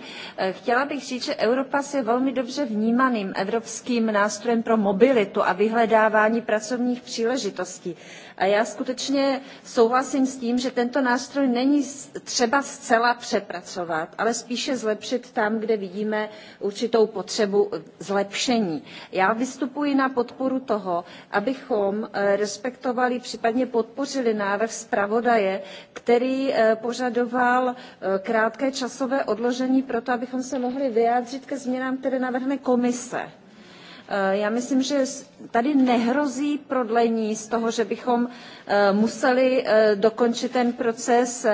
Speaker 4: Chtěla bych říct, že Europass je velmi dobře vnímaným evropským nástrojem pro mobilitu a vyhledávání pracovních příležitostí. A já skutečně souhlasím s tím, že tento nástroj není třeba zcela přepracovat, ale spíše zlepšit tam, kde vidíme určitou potřebu zlepšení. Já vystupuji na podporu toho, abychom respektovali respektovali, případně podpořili návrh zpravodaje, který eh, požadoval eh, krátké časové odložení pro to, abychom se mohli vyjádřit ke změnám, které navrhne komise Eh, já myslím, že tady nehrozí prodlení z toho, že bychom eh, museli eh, dokončit ten proces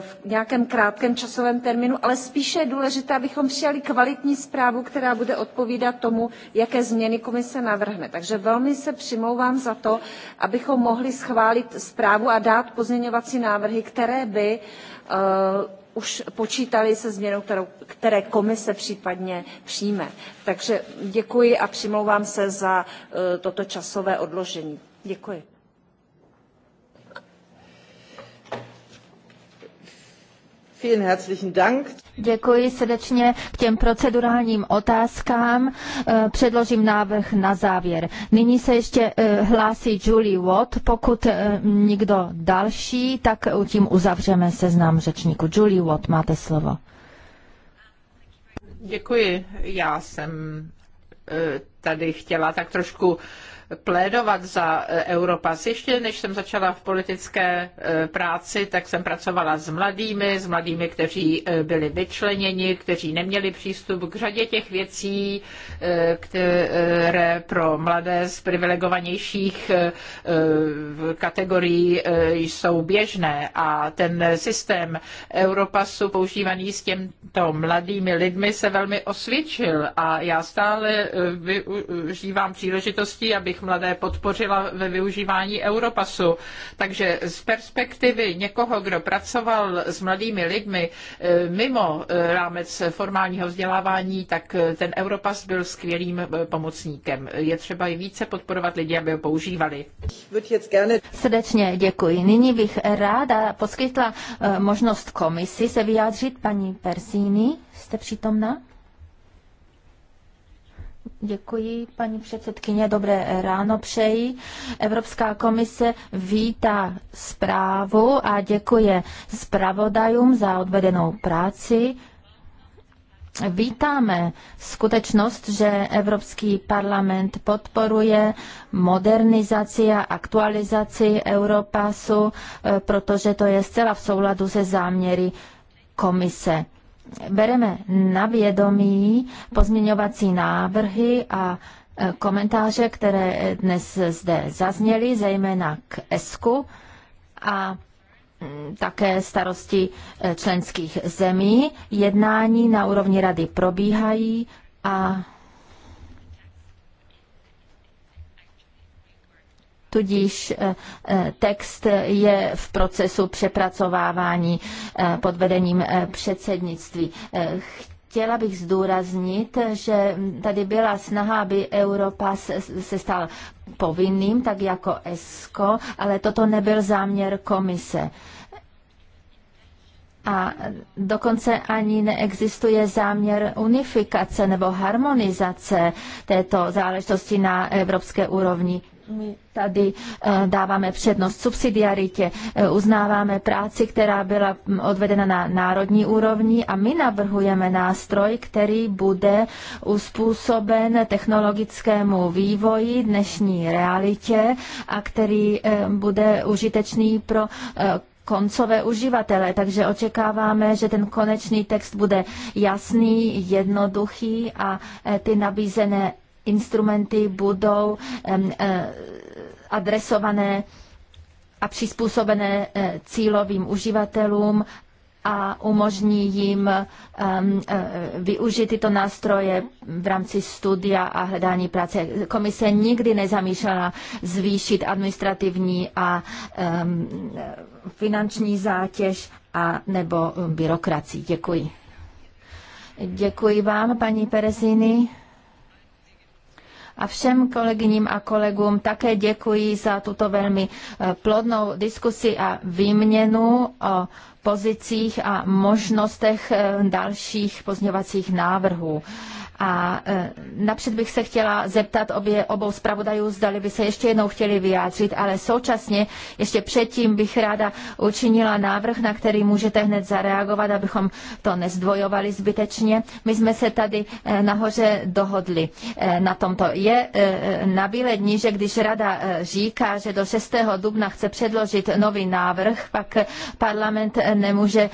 Speaker 4: v nějakém krátkém časovém termínu, ale spíše je důležité, abychom přijali kvalitní zprávu, která bude odpovídat tomu, jaké změny komise navrhne. Takže velmi se přimlouvám za to, abychom mohli schválit zprávu a dát pozměňovací návrhy, které by už počítali se změnou, kterou, které komise případně přijme. Takže děkuji a přimlouvám se za eh, toto časové odložení. Děkuji.
Speaker 3: Děkuji srdečně k těm procedurálním otázkám. Eh, předložím návrh na závěr. Nyní se ještě eh, hlásí Julie Watt. Pokud eh, nikdo další, tak tím uzavřeme seznam řečníku. Julie Watt, máte slovo.
Speaker 1: Děkuji. Já jsem tady chtěla tak trošku plédovat za e, Europass. Ještě než jsem začala v politické e, práci, tak jsem pracovala s mladými, s mladými, kteří e, byli vyčleněni, kteří neměli přístup k řadě těch věcí, které pro mladé z privilegovanějších kategorií jsou běžné. A ten systém Europasu používaný s těmto mladými lidmi se velmi osvědčil a já stále využívám příležitosti, abych mladé podpořila ve využívání Europasu. Takže z perspektivy někoho, kdo pracoval s mladými lidmi eh, mimo eh, rámec formálního vzdělávání, tak eh, ten Europass byl skvělým pomocníkem. Je třeba i více podporovat lidi, aby ho používali.
Speaker 3: Srdečně děkuji. Nyní bych ráda poskytla možnost komisi se vyjádřit. Paní Persíny, jste přítomna? Děkuji, paní předsedkyně. Dobré ráno přeji. Evropská komise vítá zprávu a děkuje zpravodajům za odvedenou práci. Vítáme skutečnost, že Evropský parlament podporuje modernizaci a aktualizaci Europasu, eh, protože to je zcela v souladu se záměry komise bereme na vědomí pozměňovací návrhy a e, komentáře, které dnes zde zazněly, zejména k ESKu a mm, také starosti e, členských zemí. Jednání na úrovni rady probíhají a tudíž eh, eh, text je v procesu přepracovávání eh, pod vedením předsednictví. Chtěla bych zdůraznit, že tady byla snaha, aby Europa se stal povinným, tak jako ESCO, ale toto nebyl záměr komise. A dokonce ani neexistuje záměr unifikace nebo harmonizace této záležitosti na evropské úrovni. My tady eh, dáváme přednost subsidiaritě, eh, uznáváme práci, která byla mm, odvedena na národní úrovni a my navrhujeme nástroj, který bude uspůsoben technologickému vývoji dnešní realitě a který eh, bude užitečný pro koncové uživatele, takže očekáváme, že ten konečný text bude jasný, jednoduchý a ty nabízené instrumenty budou e, adresované a přizpůsobené e, cílovým uživatelům a umožní jim um, využít tyto nástroje v rámci studia a hledání práce. Komise nikdy nezamýšlela zvýšit administrativní a um, finanční zátěž a nebo byrokracii. Děkuji. Děkuji vám, paní Pereziny a všem kolegyním a kolegům také děkuji za tuto velmi eh, plodnou diskusi a výměnu o pozicích a možnostech eh, dalších pozměňovacích návrhů. A e, napřed bych se chtěla zeptat obě, obou zpravodajů, zdali by se ještě jednou chtěli vyjádřit, ale současně ještě předtím bych ráda učinila návrh, na který můžete hned zareagovat, abychom to nezdvojovali zbytečně. My jsme se tady e, nahoře dohodli e, na tomto. Je na bílé dní, že když rada říká, že do 6. dubna chce předložit nový návrh, pak parlament nemůže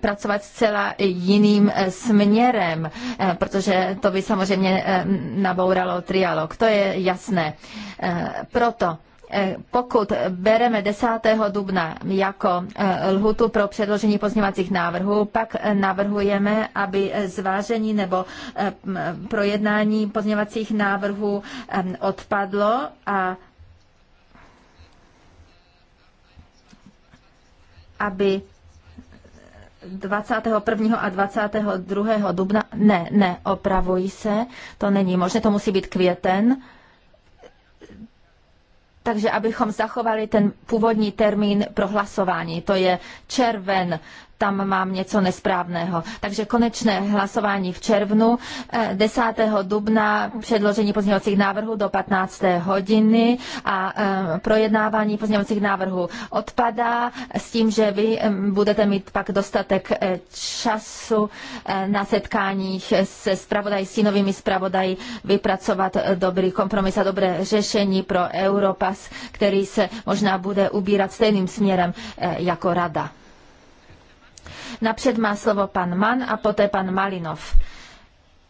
Speaker 3: pracovat zcela jiným směrem, protože to by samozřejmě eh, nabouralo trialog. To je jasné. Eh, proto eh, pokud bereme 10. dubna jako lhutu pro předložení pozněvacích návrhů, pak navrhujeme, aby zvážení nebo projednání pozněvacích návrhů odpadlo a aby 21. a 22. dubna. Ne, ne, opravují se, to není možné, to musí být květen. Takže abychom zachovali ten původní termín pro hlasování, to je červen tam mám něco nesprávného. Takže konečné hlasování v červnu, 10. Eh, dubna předložení pozměňovacích návrhů do 15. hodiny a eh, projednávání pozměňovacích návrhů odpadá s tím, že vy budete mít pak dostatek eh, času na setkáních se spravodají, s novými spravodají vypracovat dobrý kompromis a dobré řešení pro Europas, který se možná bude ubírat stejným směrem jako rada. Napřed má slovo pan Mann a poté pan Malinov.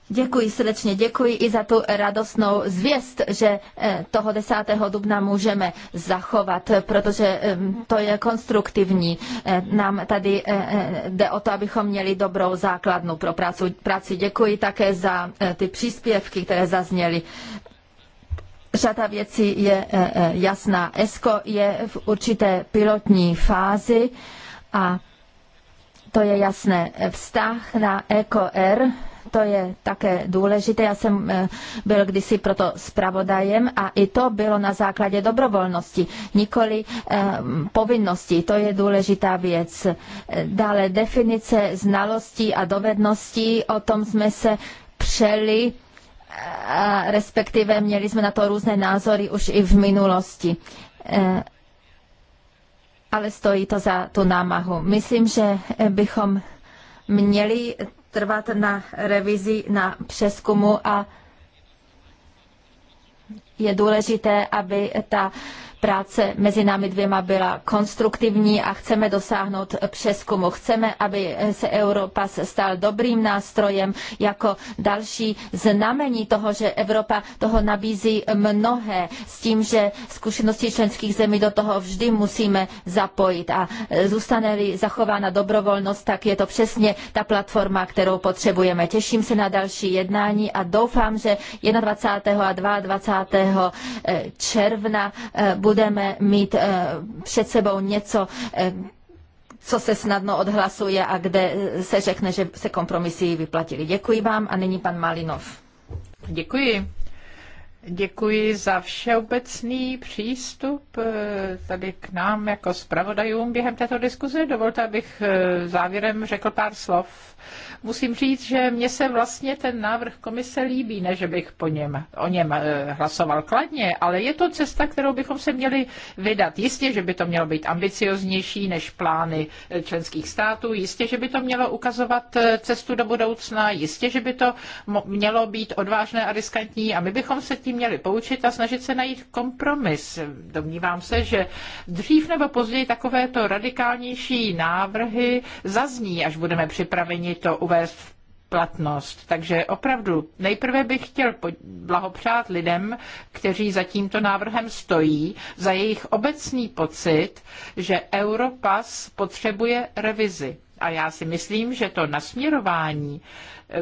Speaker 3: Děkuji srdečně, děkuji i za tu radostnou zvěst, že eh, toho 10. dubna můžeme zachovat, protože to je konstruktivní. Eh, nám tady eh, jde o to, abychom měli dobrou základnu pro práci. Děkuji také za ty příspěvky, které zazněly. Řada věcí je jasná. ESCO je v určité pilotní fázi a to je jasné. Vztah na EKR to je také důležité. Já jsem eh, byl kdysi proto zpravodajem a i to bylo na základě dobrovolnosti, nikoli eh, povinnosti. To je důležitá věc. Dále definice znalostí a dovedností, o tom jsme se přeli eh, respektive měli jsme na to různé názory už i v minulosti ale stojí to za tu námahu. Myslím, že bychom měli trvat na revizi, na přeskumu a je důležité, aby ta Práce mezi námi dvěma byla konstruktivní a chceme dosáhnout přeskumu. Chceme, aby se Evropa stal dobrým nástrojem jako další znamení toho, že Evropa toho nabízí mnohé s tím, že zkušenosti členských zemí do toho vždy musíme zapojit a zůstane-li zachována dobrovolnost, tak je to přesně ta platforma, kterou potřebujeme. Těším se na další jednání a doufám, že 21. a 22. června eh, budou budeme mít eh, před sebou něco, eh, co se snadno odhlasuje a kde eh, se řekne, že se kompromisy vyplatily. Děkuji vám a nyní pan Malinov.
Speaker 1: Děkuji. Děkuji za všeobecný přístup tady k nám jako zpravodajům během této diskuze. Dovolte, abych závěrem řekl pár slov musím říct, že mně se vlastně ten návrh komise líbí, ne že bych po něm, o něm eh, hlasoval kladně, ale je to cesta, kterou bychom se měli vydat. Jistě, že by to mělo být ambicioznější než plány eh, členských států, jistě, že by to mělo ukazovat eh, cestu do budoucna, jistě, že by to mělo být odvážné a riskantní a my bychom se tím měli poučit a snažit se najít kompromis. Domnívám se, že dřív nebo později takovéto radikálnější návrhy zazní, až budeme připraveni to uvést uvést v platnost. Takže opravdu nejprve bych chtěl blahopřát lidem, kteří za tímto návrhem stojí, za jejich obecný pocit, že Europass potřebuje revizi. A já si myslím, že to nasměrování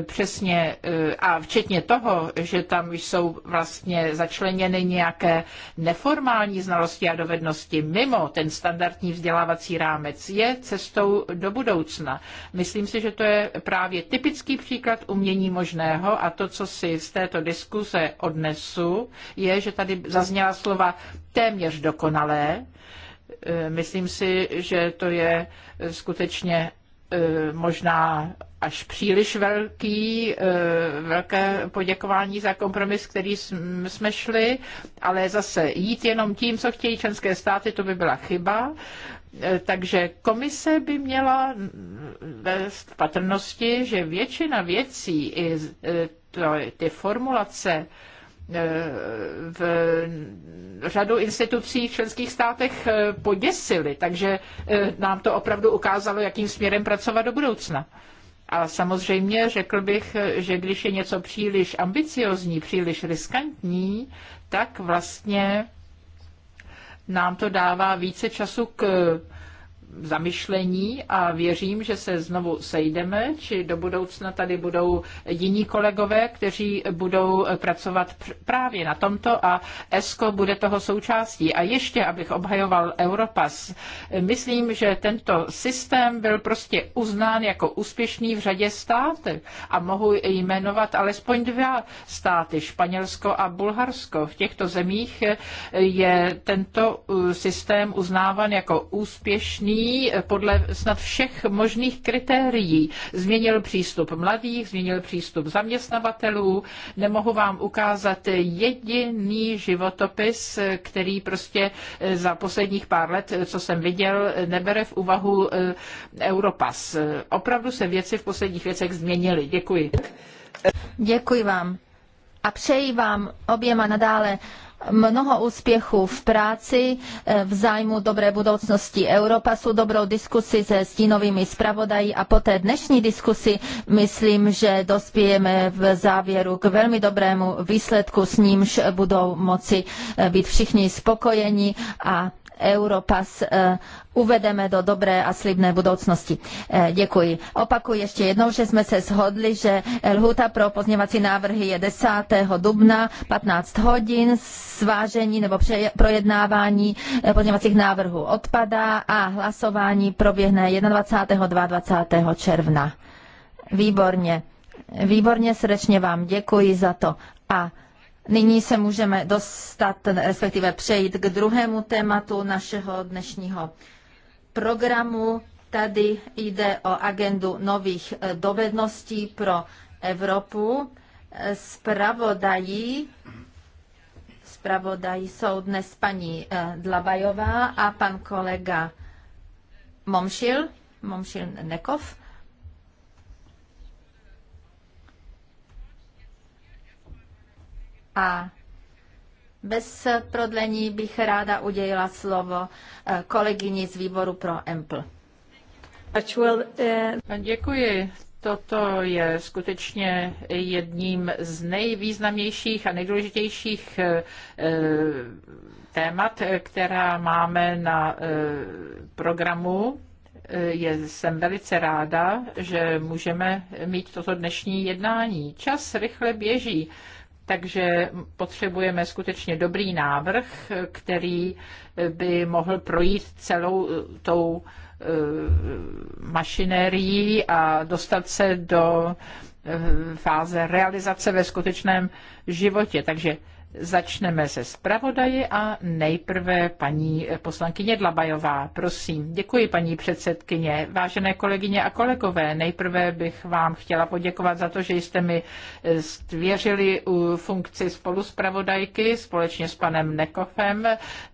Speaker 1: přesně eh, a včetně toho, že tam jsou vlastně začleněny nějaké neformální znalosti a dovednosti mimo ten standardní vzdělávací rámec, je cestou do budoucna. Myslím si, že to je právě typický příklad umění možného a to, co si z této diskuse odnesu, je, že tady zazněla slova téměř dokonalé, eh, Myslím si, že to je skutečně E, možná až příliš velký, e, velké poděkování za kompromis, který jsme šli, ale zase jít jenom tím, co chtějí členské státy, to by byla chyba. E, takže komise by měla vést patrnosti, že většina věcí i ty formulace, v řadu institucí v členských státech eh, poděsily, takže eh, nám to opravdu ukázalo, jakým směrem pracovat do budoucna. A samozřejmě řekl bych, eh, že když je něco příliš ambiciozní, příliš riskantní, tak vlastně nám to dává více času k zamyšlení a věřím, že se znovu sejdeme, či do budoucna tady budou jiní kolegové, kteří budou pracovat právě na tomto a ESCO bude toho součástí. A ještě, abych obhajoval Europas, myslím, že tento systém byl prostě uznán jako úspěšný v řadě států a mohu jmenovat alespoň dva státy, Španělsko a Bulharsko. V těchto zemích je tento uh, systém uznáván jako úspěšný Eh, podle snad všech možných kritérií. Změnil přístup mladých, změnil přístup zaměstnavatelů. Nemohu vám ukázat jediný životopis, který prostě eh, za posledních pár let, eh, co jsem viděl, nebere v úvahu Europas. Opravdu se věci v posledních věcech změnily. Děkuji. Děkuji vám
Speaker 3: a přeji vám oběma nadále mnoho úspěchů v práci eh, v zájmu dobré budoucnosti Europa. Jsou dobrou diskusi se stínovými zpravodají a po té dnešní diskusi myslím, že dospějeme v závěru k velmi dobrému výsledku, s nímž budou moci eh, být všichni spokojeni a Europass eh, uvedeme do dobré a slibné budoucnosti. Eh, děkuji. Opakuji ještě jednou, že jsme se shodli, že lhuta pro pozněvací návrhy je 10. dubna 15 hodin svážení nebo projednávání eh, pozněvacích návrhů odpadá a hlasování proběhne 21. 22. června. Výborně. Výborně srdečně vám děkuji za to. A Nyní se můžeme dostat, respektive přejít k druhému tématu našeho dnešního programu. Tady jde o agendu nových eh, dovedností pro Evropu. Spravodají, eh, spravodají jsou dnes paní eh, Dlabajová a pan kolega Momšil, Momšil Nekov. A bez prodlení bych ráda udělila slovo eh, kolegyni z výboru pro EMPL.
Speaker 1: Eh, Děkuji. Toto je skutečně jedním z nejvýznamnějších a nejdůležitějších eh, témat, která máme na programu je, jsem velice ráda, že můžeme mít toto dnešní jednání. Čas rychle běží takže potřebujeme skutečně dobrý návrh, který by mohl projít celou eh, tou eh, mašinérií a dostat se do eh, fáze realizace ve skutečném životě. Takže Začneme se zpravodaji a nejprve paní poslankyně Dlabajová. Prosím, děkuji paní předsedkyně. Vážené kolegyně a kolegové, nejprve bych vám chtěla poděkovat za to, že jste mi eh, stvěřili funkci spoluspravodajky společně s panem Nekofem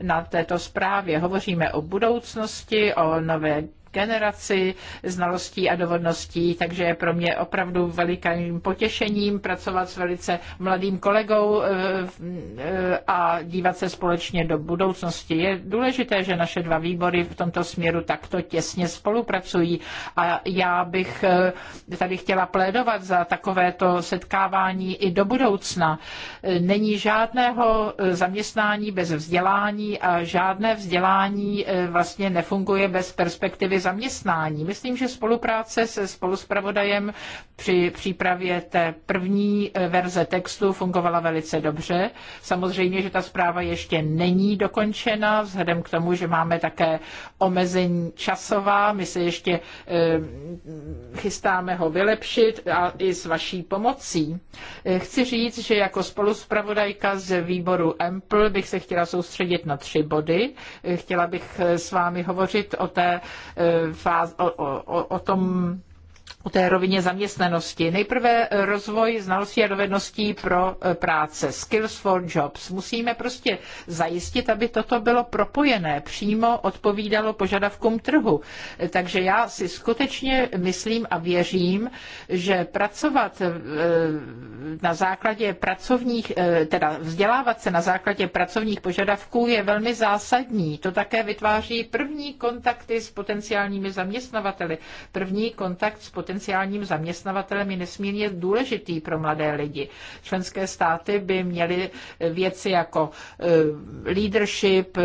Speaker 1: na této zprávě. Hovoříme o budoucnosti, o nové generaci znalostí a dovedností, takže je pro mě opravdu velikým potěšením pracovat s velice mladým kolegou eh, eh, a dívat se společně do budoucnosti. Je důležité, že naše dva výbory v tomto směru takto těsně spolupracují a já bych eh, tady chtěla plédovat za takovéto setkávání i do budoucna. Není žádného zaměstnání bez vzdělání a žádné vzdělání vlastně nefunguje bez perspektivy zaměstnání. Myslím, že spolupráce se spoluspravodajem při přípravě té první eh, verze textu fungovala velice dobře. Samozřejmě, že ta zpráva ještě není dokončena, vzhledem k tomu, že máme také omezení časová. My se ještě eh, chystáme ho vylepšit a i s vaší pomocí. Eh, chci říct, že jako spoluspravodajka z výboru EMPL bych se chtěla soustředit na tři body. Chtěla bych s vámi hovořit o té fáz, o, o, o tom o té rovině zaměstnanosti. Nejprve rozvoj znalostí a dovedností pro eh, práce, skills for jobs. Musíme prostě zajistit, aby toto bylo propojené, přímo odpovídalo požadavkům trhu. Eh, takže já si skutečně myslím a věřím, že pracovat eh, na základě pracovních, teda vzdělávat se na základě pracovních požadavků je velmi zásadní. To také vytváří první kontakty s potenciálními zaměstnavateli, první kontakt s potenciálními potenciálním zaměstnavatelem je nesmírně důležitý pro mladé lidi. Členské státy by měly věci jako eh, leadership, eh,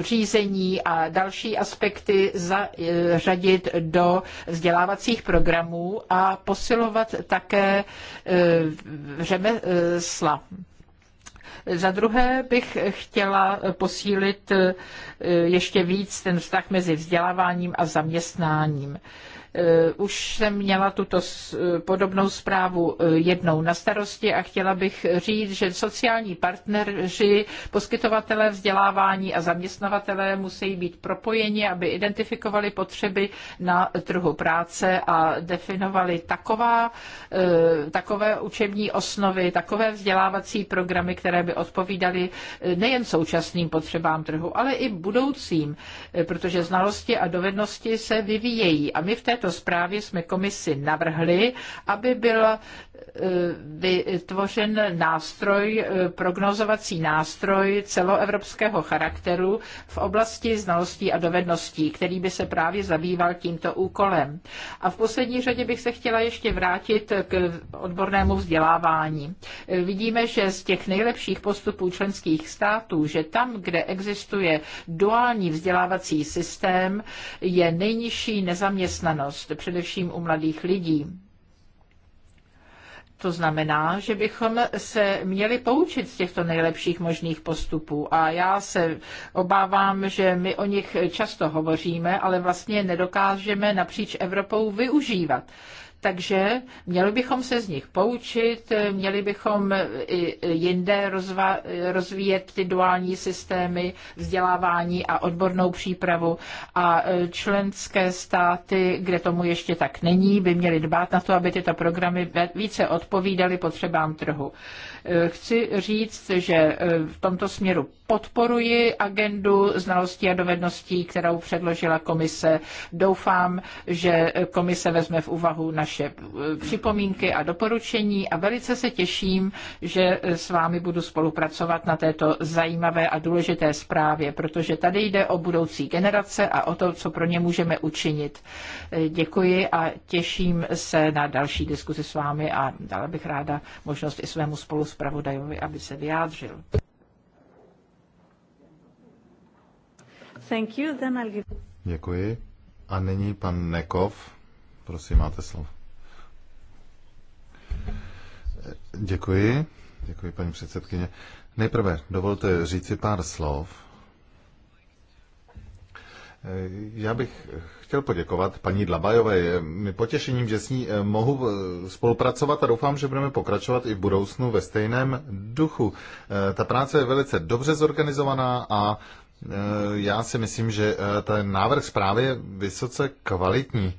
Speaker 1: eh, řízení a další aspekty zařadit do vzdělávacích programů a posilovat také řemesla. Za druhé bych chtěla posílit eh, ještě víc ten vztah mezi vzděláváním a zaměstnáním. Eh, už jsem měla tuto eh, podobnou zprávu eh, jednou na starosti a chtěla bych říct, že sociální partneři, poskytovatelé vzdělávání a zaměstnavatelé musí být propojeni, aby identifikovali potřeby na trhu práce a definovali taková, takové učební osnovy, takové vzdělávací programy, které by odpovídaly nejen současným potřebám trhu, ale i budoucím, protože znalosti a dovednosti se vyvíjejí. A my v této této zprávě jsme komisi navrhli, aby byla vytvořen nástroj, eh, prognozovací nástroj celoevropského charakteru v oblasti znalostí a dovedností, který by se právě zabýval tímto úkolem. A v poslední řadě bych se chtěla ještě vrátit k odbornému vzdělávání. Eh, vidíme, že z těch nejlepších postupů členských států, že tam, kde existuje duální vzdělávací systém, je nejnižší nezaměstnanost, především u mladých lidí. To znamená, že bychom se měli poučit z těchto nejlepších možných postupů. A já se obávám, že my o nich často hovoříme, ale vlastně nedokážeme napříč Evropou využívat. Takže měli bychom se z nich poučit, měli bychom i jinde rozva- rozvíjet ty duální systémy vzdělávání a odbornou přípravu a členské státy, kde tomu ještě tak není, by měly dbát na to, aby tyto programy více odpovídaly potřebám trhu. Eh, chci říct, že eh, v tomto směru podporuji agendu znalostí a dovedností, kterou předložila komise. Doufám, že komise vezme v úvahu naše eh, připomínky a doporučení a velice se těším, že s vámi budu spolupracovat na této zajímavé a důležité zprávě, protože tady jde o budoucí generace a o to, co pro ně můžeme učinit. Děkuji a těším se na další diskuzi s vámi a dala bych ráda možnost i svému spolu zpravodajovi, aby se vyjádřil. Thank
Speaker 4: you, then I'll give...
Speaker 2: Děkuji. A nyní pan Nekov. Prosím, máte slovo. Děkuji. Děkuji, paní předsedkyně. Nejprve dovolte říci pár slov já bych chtěl poděkovat paní Dlabajové. Je mi potěšením, že s ní eh, mohu eh, spolupracovat a doufám, že budeme pokračovat i v budoucnu ve stejném duchu. Eh, ta práce je velice dobře zorganizovaná a já si myslím, že ten návrh zprávy je vysoce kvalitní.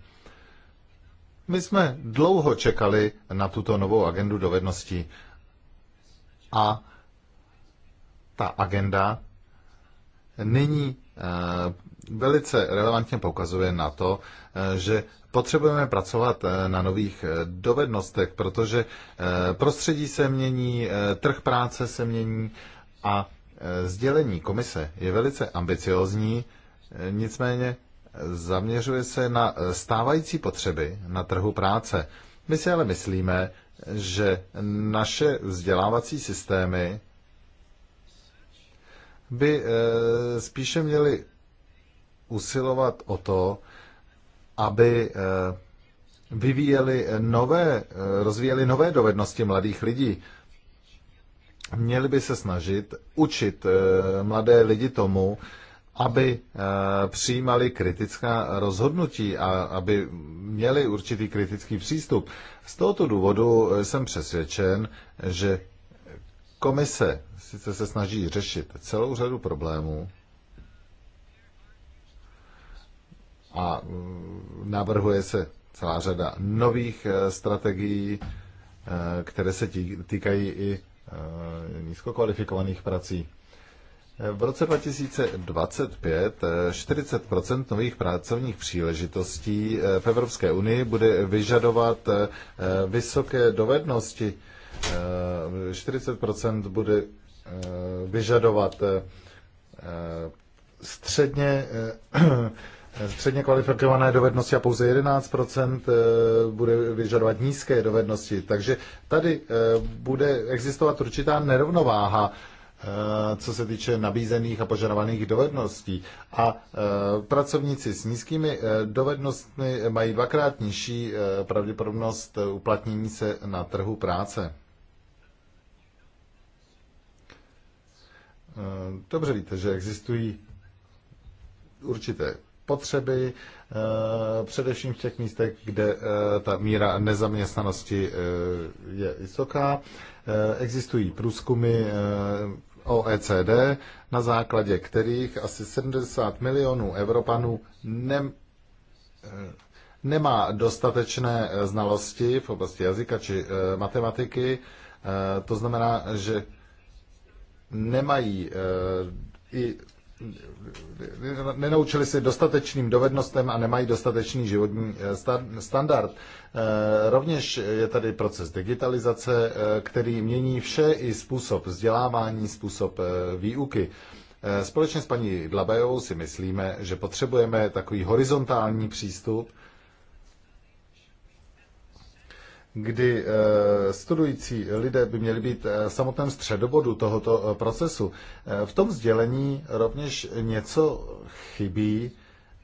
Speaker 2: My jsme dlouho čekali na tuto novou agendu dovedností a ta agenda není velice relevantně poukazuje na to, eh, že potřebujeme pracovat eh, na nových eh, dovednostech, protože prostředí se mění, trh práce se mění a sdělení komise je velice ambiciozní, nicméně zaměřuje se na stávající potřeby na trhu práce. My si ale myslíme, že naše vzdělávací systémy by spíše měly usilovat o to, aby eh, vyvíjeli nové, eh, rozvíjeli nové dovednosti mladých lidí. Měli by se snažit učit eh, mladé lidi tomu, aby přijímali kritická rozhodnutí a aby měli určitý kritický přístup. Z tohoto důvodu jsem přesvědčen, že komise sice se snaží řešit celou řadu problémů, a mm, navrhuje se celá řada nových eh, strategií, eh, které se týkají i eh, nízkokvalifikovaných prací. V roce 2025 40 nových pracovních příležitostí v Evropské unii bude vyžadovat vysoké dovednosti. 40 bude vyžadovat středně Středně kvalifikované dovednosti a pouze 11 eh, bude vyžadovat nízké dovednosti. Takže tady eh, bude existovat určitá nerovnováha eh, co se týče nabízených a požadovaných dovedností. A pracovníci s nízkými dovednostmi mají dvakrát nižší pravděpodobnost uplatnění se na trhu práce. Dobře víte, že existují určité potřeby, eh, především v těch místech, kde eh, ta míra nezaměstnanosti eh, je vysoká. Existují průzkumy OECD, na základě kterých asi 70 milionů Evropanů ne, nemá dostatečné znalosti v oblasti jazyka či matematiky. To znamená, že nemají i nenaučili se dostatečným dovednostem a nemají dostatečný životní eh, standard. Eh, rovněž je tady proces digitalizace, eh, který mění vše i způsob vzdělávání, způsob výuky. Společně s paní Dlabajovou si myslíme, že potřebujeme takový horizontální přístup, kdy eh, studující lidé by měli být eh, samotném středobodu tohoto eh, procesu. V tom sdělení rovněž něco chybí,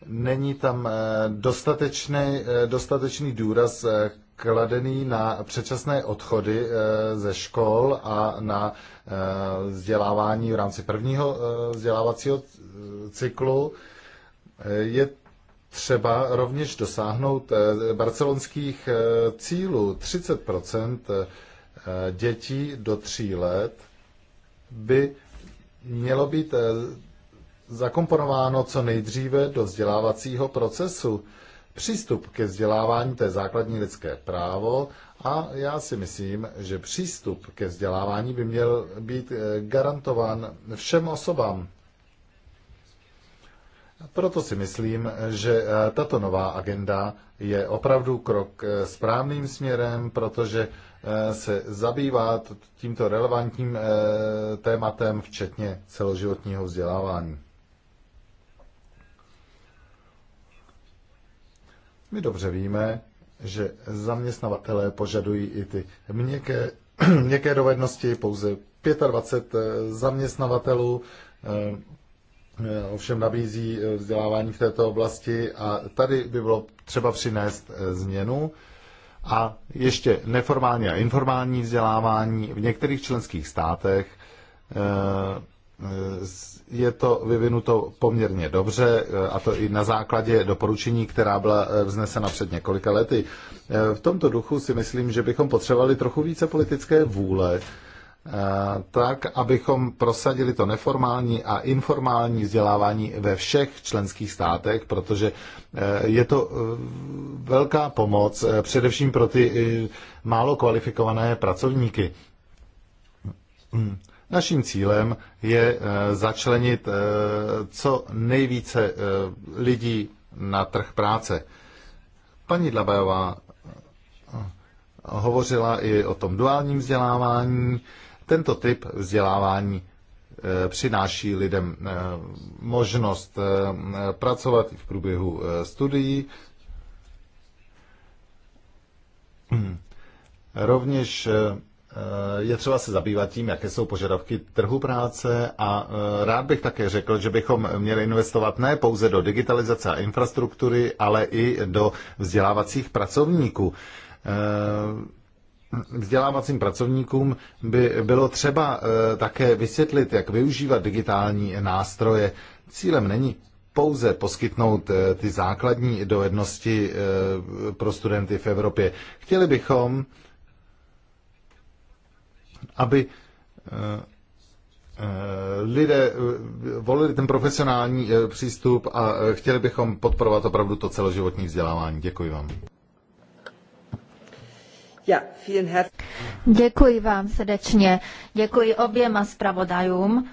Speaker 2: není tam dostatečný, dostatečný důraz kladený na předčasné odchody ze škol a na vzdělávání v rámci prvního vzdělávacího cyklu. Je třeba rovněž dosáhnout eh, barcelonských eh, cílů. 30 eh, dětí do tří let by mělo být zakomponováno co nejdříve do vzdělávacího procesu. Přístup ke vzdělávání, to je základní lidské právo a já si myslím, že přístup ke vzdělávání by měl být garantován všem osobám proto si myslím, že eh, tato nová agenda je opravdu krok eh, správným směrem, protože eh, se zabývá tímto relevantním tématem, včetně celoživotního vzdělávání. My dobře víme, že zaměstnavatelé požadují i ty měkké, měkké dovednosti, pouze 25 zaměstnavatelů Eh, ovšem nabízí eh, vzdělávání v této oblasti a tady by bylo třeba přinést eh, změnu a ještě neformální a informální vzdělávání v některých členských státech je to vyvinuto poměrně dobře, a to i na základě doporučení, která byla vznesena před několika lety. V tomto duchu si myslím, že bychom potřebovali trochu více politické vůle Eh, tak, abychom prosadili to neformální a informální vzdělávání ve všech členských státech, protože eh, je to eh, velká pomoc především pro ty málo kvalifikované pracovníky. Hmm. Naším cílem je začlenit co nejvíce lidí na trh práce. Paní Dlabajová hovořila i o tom duálním vzdělávání, tento typ vzdělávání e, přináší lidem e, možnost e, pracovat i v průběhu studií. Rovněž je třeba se zabývat tím, jaké jsou požadavky trhu práce a rád bych také řekl, že bychom měli investovat ne pouze do digitalizace a infrastruktury, ale i do vzdělávacích pracovníků vzdělávacím pracovníkům by bylo třeba eh, také vysvětlit, jak využívat digitální nástroje. Cílem není pouze poskytnout eh, ty základní dovednosti eh, pro studenty v Evropě. Chtěli bychom, aby lidé volili ten profesionální přístup a chtěli bychom podporovat opravdu to celoživotní vzdělávání. Děkuji vám.
Speaker 3: Děkuji vám srdečně. Děkuji oběma zpravodajům.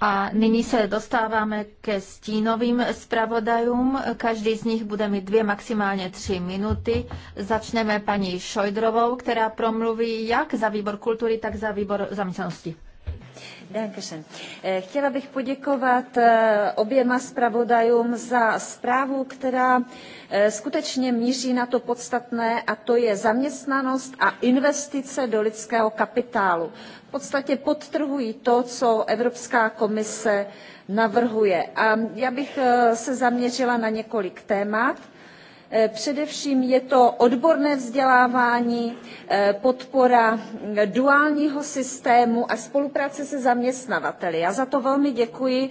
Speaker 3: A nyní se dostáváme ke stínovým zpravodajům. Každý z nich bude mít dvě, maximálně tři minuty. Začneme paní Šojdrovou, která promluví jak za výbor kultury,
Speaker 4: tak za výbor zaměstnanosti. Eh, chtěla bych poděkovat eh, oběma zpravodajům za zprávu, která eh, skutečně míří na to podstatné, a to je zaměstnanost a investice do lidského kapitálu. V podstatě podtrhují to, co Evropská komise navrhuje. A já bych se zaměřila na několik témat Eh, především je to odborné vzdělávání, eh, podpora eh, duálního systému a spolupráce se zaměstnavateli. Já za to velmi děkuji,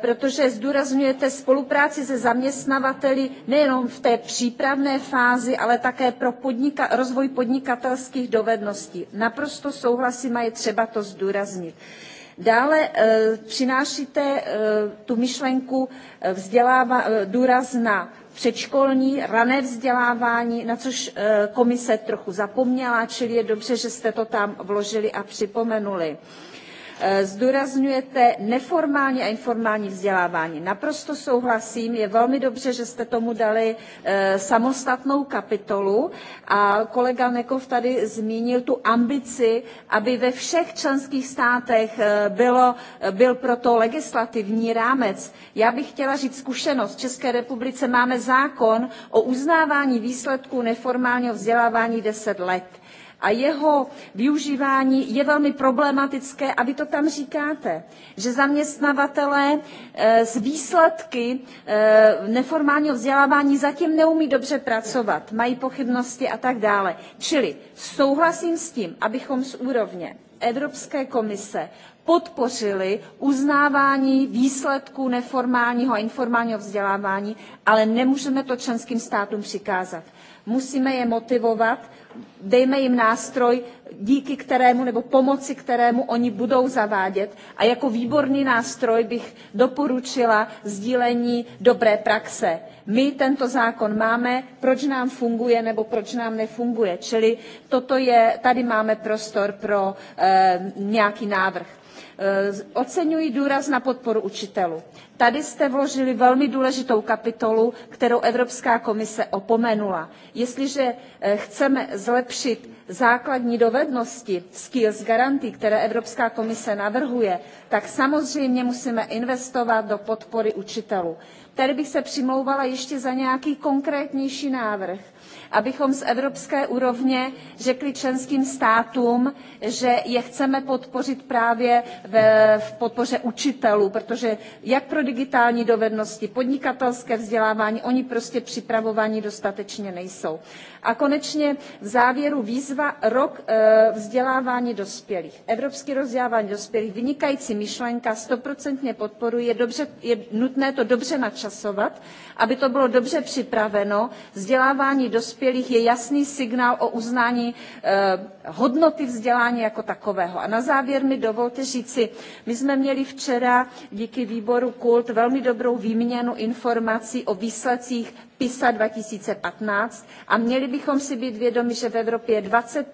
Speaker 4: protože zdůrazňujete spolupráci se zaměstnavateli nejenom v té přípravné fázi, ale také pro podnika, rozvoj podnikatelských dovedností. Naprosto souhlasím a je třeba to zdůraznit. Dále přinášíte tu myšlenku vzdělává, důraz na předškolní, rané vzdělávání, na což eh, komise trochu zapomněla, čili je dobře, že jste to tam vložili a připomenuli. Eh, zdůrazňujete neformální a informální vzdělávání. Naprosto souhlasím, je velmi dobře, že jste tomu dali eh, samostatnou kapitolu a kolega Nekov tady zmínil tu ambici, aby ve všech členských státech eh, bylo, byl proto legislativní rámec. Já bych chtěla říct zkušenost. V České republice máme zákon o uznávání výsledků neformálního vzdělávání 10 let a jeho využívání je velmi problematické a vy to tam říkáte, že zaměstnavatelé z eh, výsledky eh, neformálního vzdělávání zatím neumí dobře pracovat, mají pochybnosti a tak dále. Čili souhlasím s tím, abychom z úrovně Evropské komise podpořili uznávání výsledků neformálního a informálního vzdělávání, ale nemůžeme to členským státům přikázat. Musíme je motivovat, dejme jim nástroj, díky kterému nebo pomoci kterému oni budou zavádět. A jako výborný nástroj bych doporučila sdílení dobré praxe. My tento zákon máme, proč nám funguje nebo proč nám nefunguje. Čili toto je, tady máme prostor pro e, nějaký návrh. Eh, oceňuji důraz na podporu učitelů. Tady jste vložili velmi důležitou kapitolu, kterou Evropská komise opomenula. Jestliže eh, chceme zlepšit základní dovednosti, skills garanty, které Evropská komise navrhuje, tak samozřejmě musíme investovat do podpory učitelů. Tady bych se přimlouvala ještě za nějaký konkrétnější návrh, abychom z evropské úrovně řekli členským státům, že je chceme podpořit právě v, v podpoře učitelů, protože jak pro digitální dovednosti, podnikatelské vzdělávání, oni prostě připravovaní dostatečně nejsou. A konečně v závěru výzva rok eh, vzdělávání dospělých. Evropský rozdělávání dospělých, vynikající myšlenka, stoprocentně podporuji, je, dobře, je nutné to dobře načasovat, aby to bylo dobře připraveno. Vzdělávání dospělých je jasný signál o uznání eh, hodnoty vzdělání jako takového. A na závěr mi dovolte říci, my jsme měli včera díky výboru KUL Kult velmi dobrou výměnu informací o výsledcích PISA 2015 a měli bychom si být vědomi, že v Evropě je 20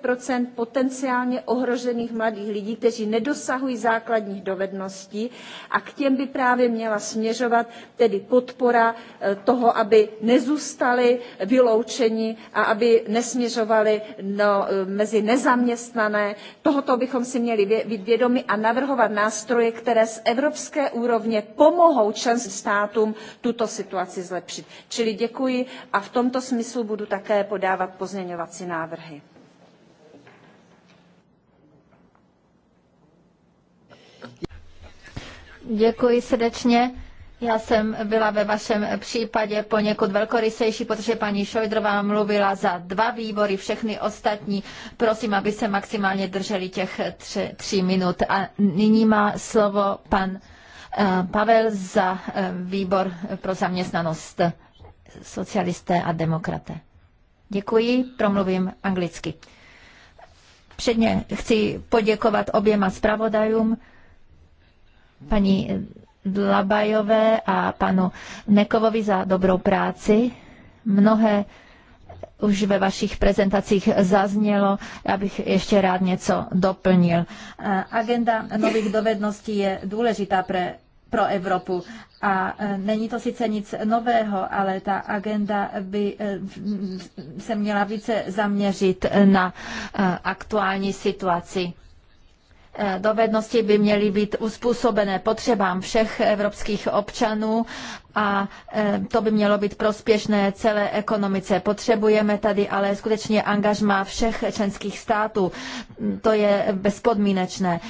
Speaker 4: potenciálně ohrožených mladých lidí, kteří nedosahují základních dovedností a k těm by právě měla směřovat tedy podpora eh, toho, aby nezůstali vyloučeni a aby nesměřovali no, eh, mezi nezaměstnané. Tohoto bychom si měli být vědomi a navrhovat nástroje, které z evropské úrovně pomohou členským státům tuto situaci zlepšit. Čili děkuji děkuji a v tomto smyslu budu také podávat pozměňovací návrhy.
Speaker 3: Děkuji srdečně. Já jsem byla ve vašem případě poněkud velkorysejší, protože paní Šojdrová mluvila za dva výbory, všechny ostatní. Prosím, aby se maximálně drželi těch tři, tři minut. A nyní má slovo pan eh, Pavel za eh, výbor pro zaměstnanost socialisté a demokraté. Děkuji, promluvím anglicky. Předně chci poděkovat oběma zpravodajům, paní Dlabajové a panu Nekovovi za dobrou práci. Mnohé už ve vašich prezentacích zaznělo, já bych ještě rád něco doplnil. Agenda nových dovedností je důležitá pro pro Evropu. A e, není to sice nic nového, ale ta agenda by e, se měla více zaměřit na e, aktuální situaci dovednosti by měly být uspůsobené potřebám všech evropských občanů a to by mělo být prospěšné celé ekonomice. Potřebujeme tady ale skutečně angažma všech členských států. To je bezpodmínečné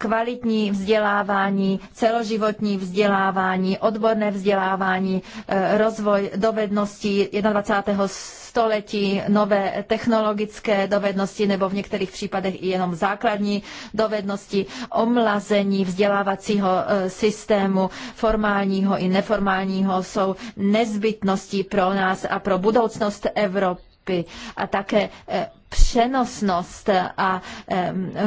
Speaker 3: kvalitní vzdělávání, celoživotní vzdělávání, odborné vzdělávání, eh, rozvoj dovedností 21. století, nové technologické dovednosti nebo v některých případech i jenom základní dovednosti, omlazení vzdělávacího eh, systému, formálního i neformálního jsou nezbytností pro nás a pro budoucnost Evropy a také eh, přenosnost a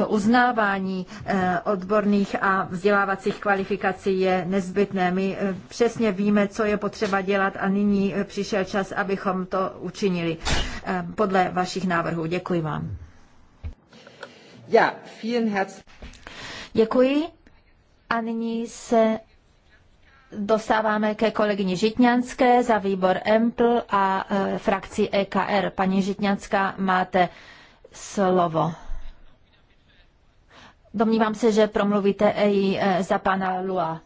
Speaker 3: uznávání eh, odborných a vzdělávacích kvalifikací je nezbytné. My eh, přesně víme, co je potřeba dělat a nyní eh, přišel čas, abychom to učinili podle vašich návrhů. Děkuji vám. Ja, vielen Děkuji. A nyní se dostáváme ke kolegyni Žitňanské za výbor EMPL a e, frakci EKR. Paní Žitňanská, máte slovo. Domnívám se, že promluvíte i e, za pana Lua.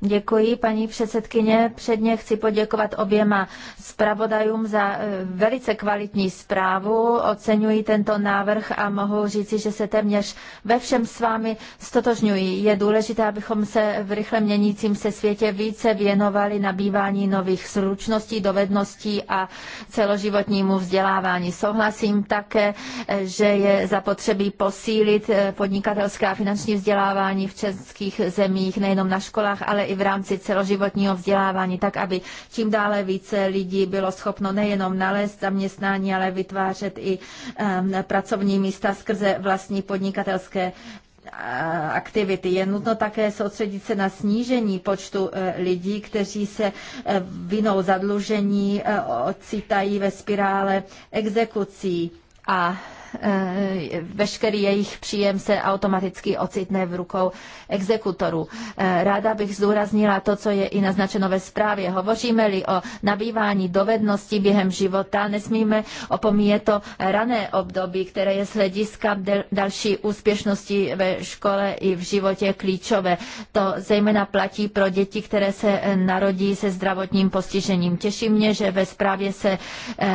Speaker 3: Děkuji, paní předsedkyně. Předně chci poděkovat oběma zpravodajům za eh, velice kvalitní zprávu. Oceňuji tento návrh a mohu říci, že se téměř ve všem s vámi stotožňuji. Je důležité, abychom se v rychle měnícím se světě více věnovali nabývání nových zručností, dovedností a celoživotnímu vzdělávání. Souhlasím také, eh, že je zapotřebí posílit eh, podnikatelské a finanční vzdělávání v českých zemích, nejenom na školách, ale i v rámci celoživotního vzdělávání, tak aby čím dále více lidí bylo schopno nejenom nalézt zaměstnání, ale vytvářet i um, pracovní místa skrze vlastní podnikatelské eh, aktivity. Je nutno také soustředit se na snížení počtu eh, lidí, kteří se eh, vinou zadlužení ocitají ve spirále exekucí a Eh, veškerý jejich příjem se automaticky ocitne v rukou exekutorů. Eh, ráda bych zdůraznila to, co je i naznačeno ve zprávě. Hovoříme-li o nabývání dovedností během života, nesmíme opomíjet to rané období, které je z hlediska další úspěšnosti ve škole i v životě klíčové. To zejména platí pro děti, které se eh, narodí se zdravotním postižením. Těší mě, že ve zprávě se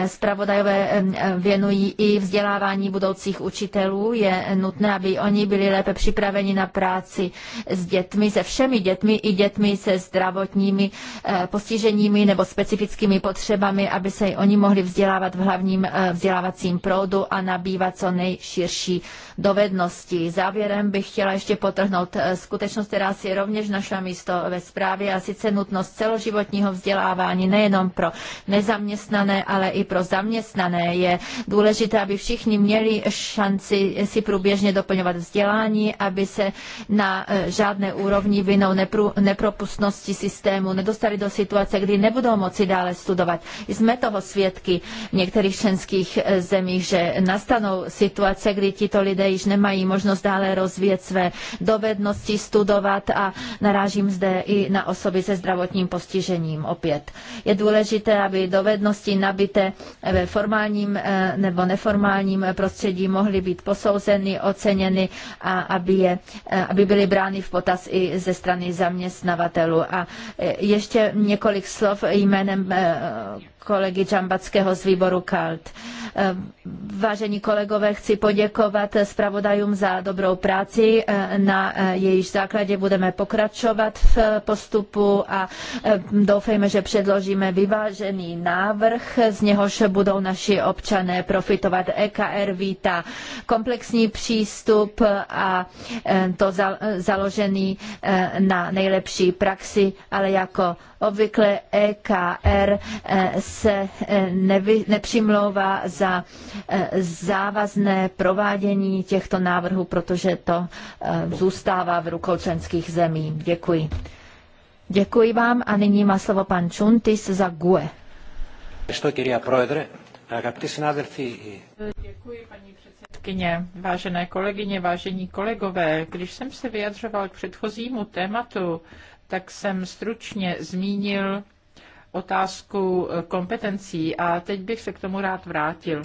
Speaker 3: zpravodajové věnují i vzdělávání vzdělávání budoucích učitelů. Je nutné, aby oni byli lépe připraveni na práci s dětmi, se všemi dětmi, i dětmi se zdravotními eh, postiženími nebo specifickými potřebami, aby se oni mohli vzdělávat v hlavním eh, vzdělávacím proudu a nabývat co nejširší dovednosti. Závěrem bych chtěla ještě potrhnout eh, skutečnost, která si rovněž našla místo ve zprávě a sice nutnost celoživotního vzdělávání nejenom pro nezaměstnané, ale i pro zaměstnané. Je důležité, aby všichni měli měli šanci si průběžně doplňovat vzdělání, aby se na e, žádné úrovni vinou nepru, nepropustnosti systému nedostali do situace, kdy nebudou moci dále studovat. Jsme toho svědky v některých členských e, zemích, že nastanou situace, kdy tito lidé již nemají možnost dále rozvíjet své dovednosti, studovat a narážím zde i na osoby se zdravotním postižením opět. Je důležité, aby dovednosti nabité ve formálním e, nebo neformálním prostředí mohly být posouzeny, oceněny a aby, je, e, aby byly brány v potaz i ze strany zaměstnavatelů. A e, ještě několik slov jménem e, kolegy Džambackého z výboru KALT. Eh, vážení kolegové, chci poděkovat zpravodajům za dobrou práci. Eh, na eh, jejíž základě budeme pokračovat v postupu a doufejme, že předložíme vyvážený návrh, z něhož budou naši občané profitovat. EKR vítá komplexní přístup a to založený na nejlepší praxi, ale jako obvykle EKR se nevy, nepřimlouvá za za eh, závazné provádění těchto návrhů, protože to eh, zůstává v rukou členských zemí. Děkuji. Děkuji vám a nyní má slovo pan Čuntis za GUE.
Speaker 2: Děkuji,
Speaker 1: paní předsedkyně, vážené kolegyně, vážení kolegové. Když jsem se vyjadřoval k předchozímu tématu, tak jsem stručně zmínil otázku eh, kompetencí a teď bych se k tomu rád vrátil.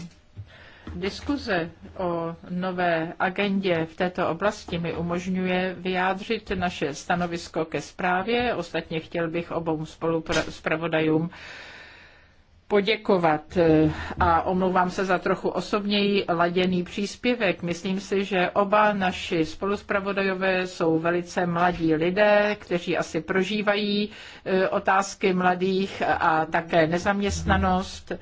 Speaker 1: Diskuze o nové agendě v této oblasti mi umožňuje vyjádřit naše stanovisko ke zprávě. Ostatně chtěl bych obou spolupravodajům spolupra- poděkovat eh, a omlouvám se za trochu osobněji laděný příspěvek. Myslím si, že oba naši spoluspravodajové jsou velice mladí lidé, kteří asi prožívají eh, otázky mladých a také nezaměstnanost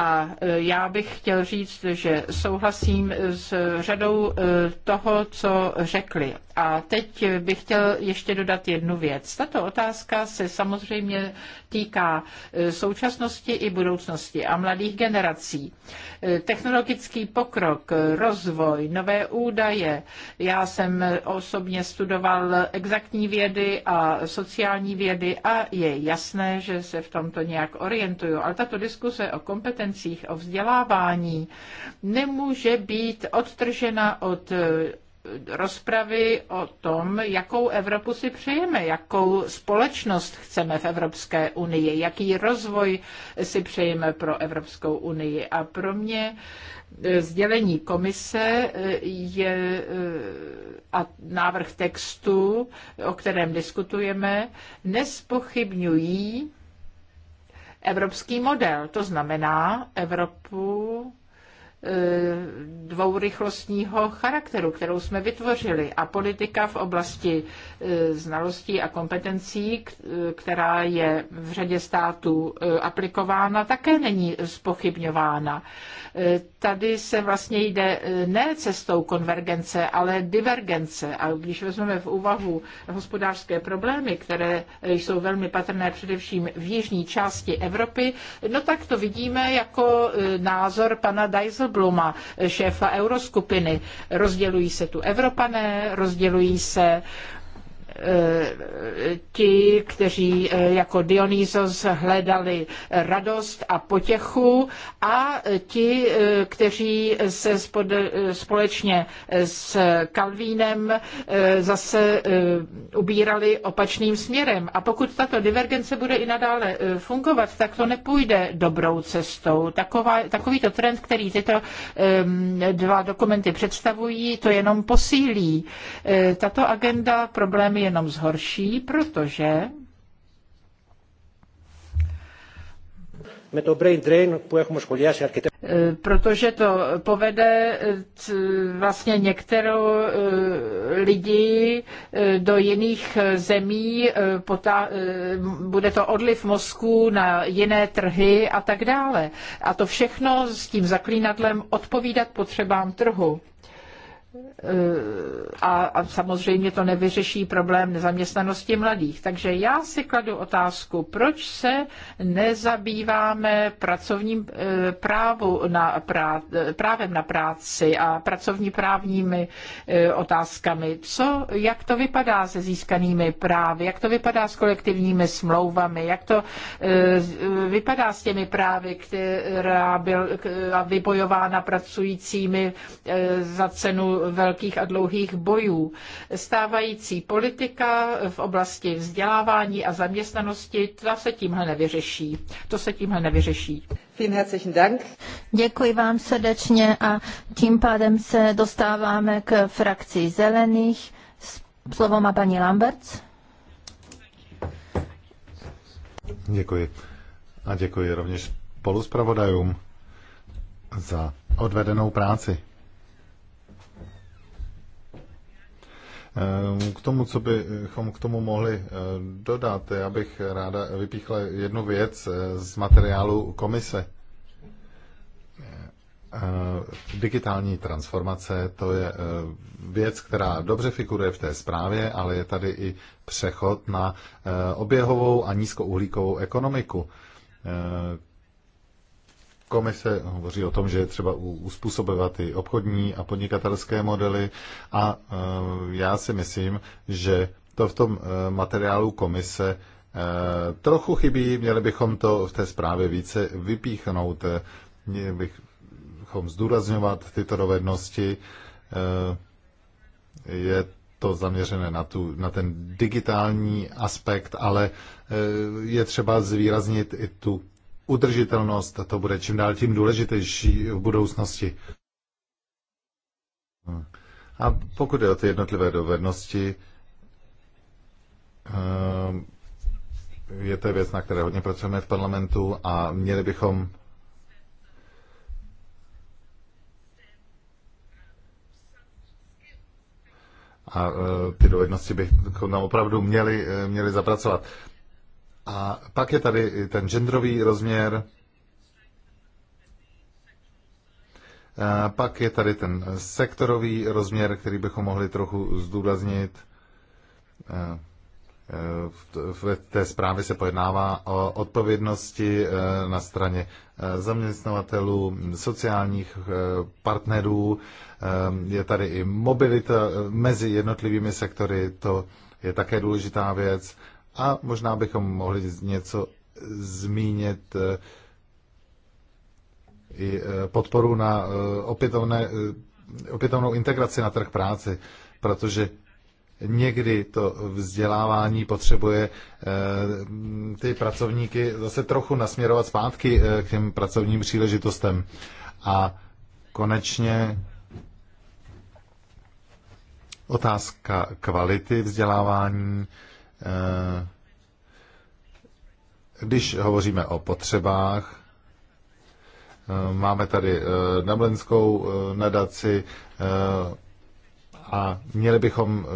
Speaker 1: a e, já bych chtěl říct, že souhlasím s řadou e, toho, co řekli. A teď bych chtěl ještě dodat jednu věc. Tato otázka se samozřejmě týká e, současnosti i budoucnosti a mladých generací. Technologický pokrok, rozvoj, nové údaje. Já jsem osobně studoval exaktní vědy a sociální vědy a je jasné, že se v tomto nějak orientuju. Ale tato diskuse o kompetenci kompetencích, o vzdělávání, nemůže být odtržena od eh, rozpravy o tom, jakou Evropu si přejeme, jakou společnost chceme v Evropské unii, jaký rozvoj si přejeme pro Evropskou unii. A pro mě eh, sdělení komise eh, je a návrh textu, o kterém diskutujeme, nespochybňují evropský model. To znamená Evropu E, dvourychlostního charakteru, kterou jsme vytvořili a politika v oblasti e, znalostí a kompetencí, e, která je v řadě států aplikována, také není spochybňována. Tady se vlastně jde ne cestou konvergence, ale divergence. A když vezmeme v úvahu hospodářské problémy, které jsou velmi patrné především v jižní části Evropy, no tak to vidíme jako názor pana Dijsel Dijsselbluma, šéfa euroskupiny. Rozdělují se tu Evropané, rozdělují se Eh, ti, kteří eh, jako Dionýzos hledali radost a potěchu a ti, eh, kteří se spod, společně s Kalvínem zase ubírali opačným směrem. A pokud tato divergence bude i nadále fungovat, tak to nepůjde dobrou cestou. Taková, takovýto trend, který tyto dva dokumenty představují, to jenom posílí. Tato agenda problémy jenom zhorší, protože Protože to povede vlastně některou lidi do jiných e, zemí, e, potá, e, bude to odliv mozku na jiné trhy a tak dále. A to všechno s tím zaklínadlem odpovídat potřebám trhu. Eh, a, a samozřejmě to nevyřeší problém nezaměstnanosti mladých. Takže já si kladu otázku, proč se nezabýváme pracovním eh, právu na prá, eh, právem na práci a pracovní právními otázkami. Co, jak to vypadá se získanými právy, jak to vypadá s kolektivními smlouvami, jak to vypadá s těmi právy, která byla vybojována pracujícími za cenu velmi velkých a dlouhých bojů. Stávající politika v oblasti vzdělávání a zaměstnanosti, ta se tímhle nevyřeší. To se tímhle nevyřeší.
Speaker 3: Děkuji vám srdečně a tím pádem se dostáváme k frakci zelených. Slovo má paní Lambert.
Speaker 2: Děkuji. A děkuji rovněž spoluzpravodajům za odvedenou práci. Eh, k tomu, co bychom k tomu mohli eh, dodat, já eh, bych ráda vypíchla jednu věc z materiálu komise. Digitální transformace, to je věc, která dobře figuruje v té zprávě, ale je tady i přechod na oběhovou a nízkouhlíkovou ekonomiku Komise hovoří o tom, že je třeba uspůsobovat i obchodní a podnikatelské modely a e, já si myslím, že to v tom e, materiálu komise e, trochu chybí, měli bychom to v té zprávě více vypíchnout, měli bychom zdůrazňovat tyto dovednosti. Je to zaměřené na, tu, na ten digitální aspekt, ale je třeba zvýraznit i tu udržitelnost, to bude čím dál tím důležitější v budoucnosti. A pokud je o ty jednotlivé dovednosti, ehm, je to věc, na které hodně pracujeme v parlamentu a měli bychom a e, ty dovednosti bychom tam opravdu měli, e, měli zapracovat. A pak je tady ten genderový rozměr, a pak je tady ten sektorový rozměr, který bychom mohli trochu zdůraznit. E, v té zprávě se pojednává o odpovědnosti e, na straně e, zaměstnavatelů, sociálních partnerů. Je tady i mobilita mezi jednotlivými sektory, to je také důležitá věc. A možná bychom mohli něco zmínit eh, i eh, podporu na eh, opětovné, opětovnou integraci na trh práce, protože někdy to vzdělávání potřebuje ty pracovníky zase trochu nasměrovat zpátky k těm pracovním příležitostem. A konečně otázka kvality vzdělávání Eh, když hovoříme o potřebách, eh, máme tady Dublinskou eh, nadaci a měli bychom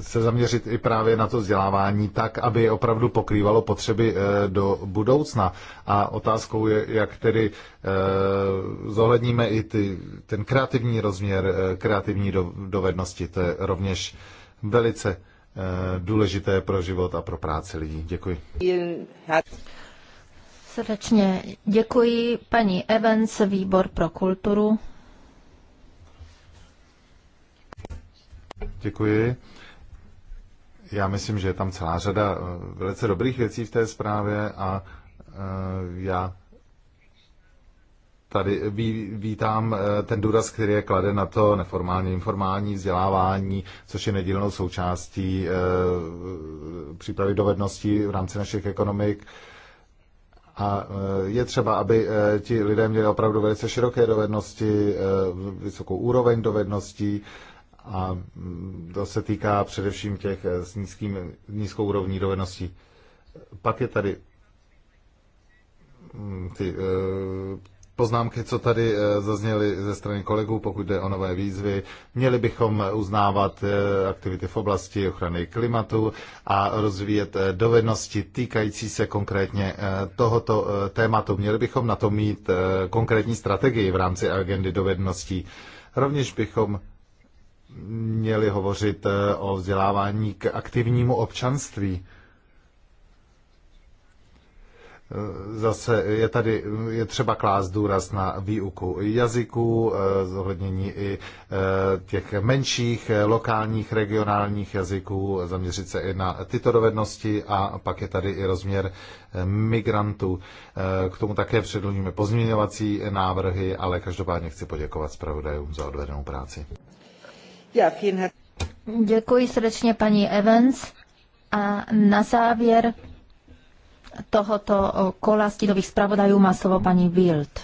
Speaker 2: se zaměřit i právě na to vzdělávání tak, aby opravdu pokrývalo potřeby do budoucna. A otázkou je, jak tedy zohledníme i ty, ten kreativní rozměr, kreativní dovednosti. To je rovněž velice Eh, důležité pro život a pro práci lidí. Děkuji.
Speaker 4: Srdečně
Speaker 3: děkuji paní Evans, výbor pro kulturu.
Speaker 2: Děkuji. Já myslím, že je tam celá řada eh, velice dobrých věcí v té zprávě a eh, já tady vítám eh, ten důraz, který je kladen na to neformální, informální vzdělávání, což je nedílnou součástí eh, přípravy dovedností v rámci našich ekonomik. A eh, je třeba, aby ti lidé měli opravdu velice široké dovednosti, vysokou úroveň dovedností, a mm, to se týká především těch s nízkým, nízkou úrovní dovedností. Pak je tady mm, ty poznámky, co tady eh, zazněly ze strany kolegů, pokud jde o nové výzvy. Měli bychom eh, uznávat eh, aktivity v oblasti ochrany klimatu a rozvíjet dovednosti týkající se konkrétně tohoto tématu. Měli bychom na to mít konkrétní strategii v rámci agendy dovedností. Rovněž bychom měli hovořit o vzdělávání k aktivnímu občanství Zase je tady, je třeba klást důraz na výuku jazyků, eh, zohlednění i eh, těch menších eh, lokálních, regionálních jazyků, zaměřit se i na tyto dovednosti a pak je tady i rozměr migrantů. K tomu také předložíme pozměňovací návrhy, ale každopádně chci poděkovat zpravodajům za odvedenou práci.
Speaker 3: Děkuji srdečně paní Evans a na závěr tohoto kola stínových zpravodajů má slovo paní Wild.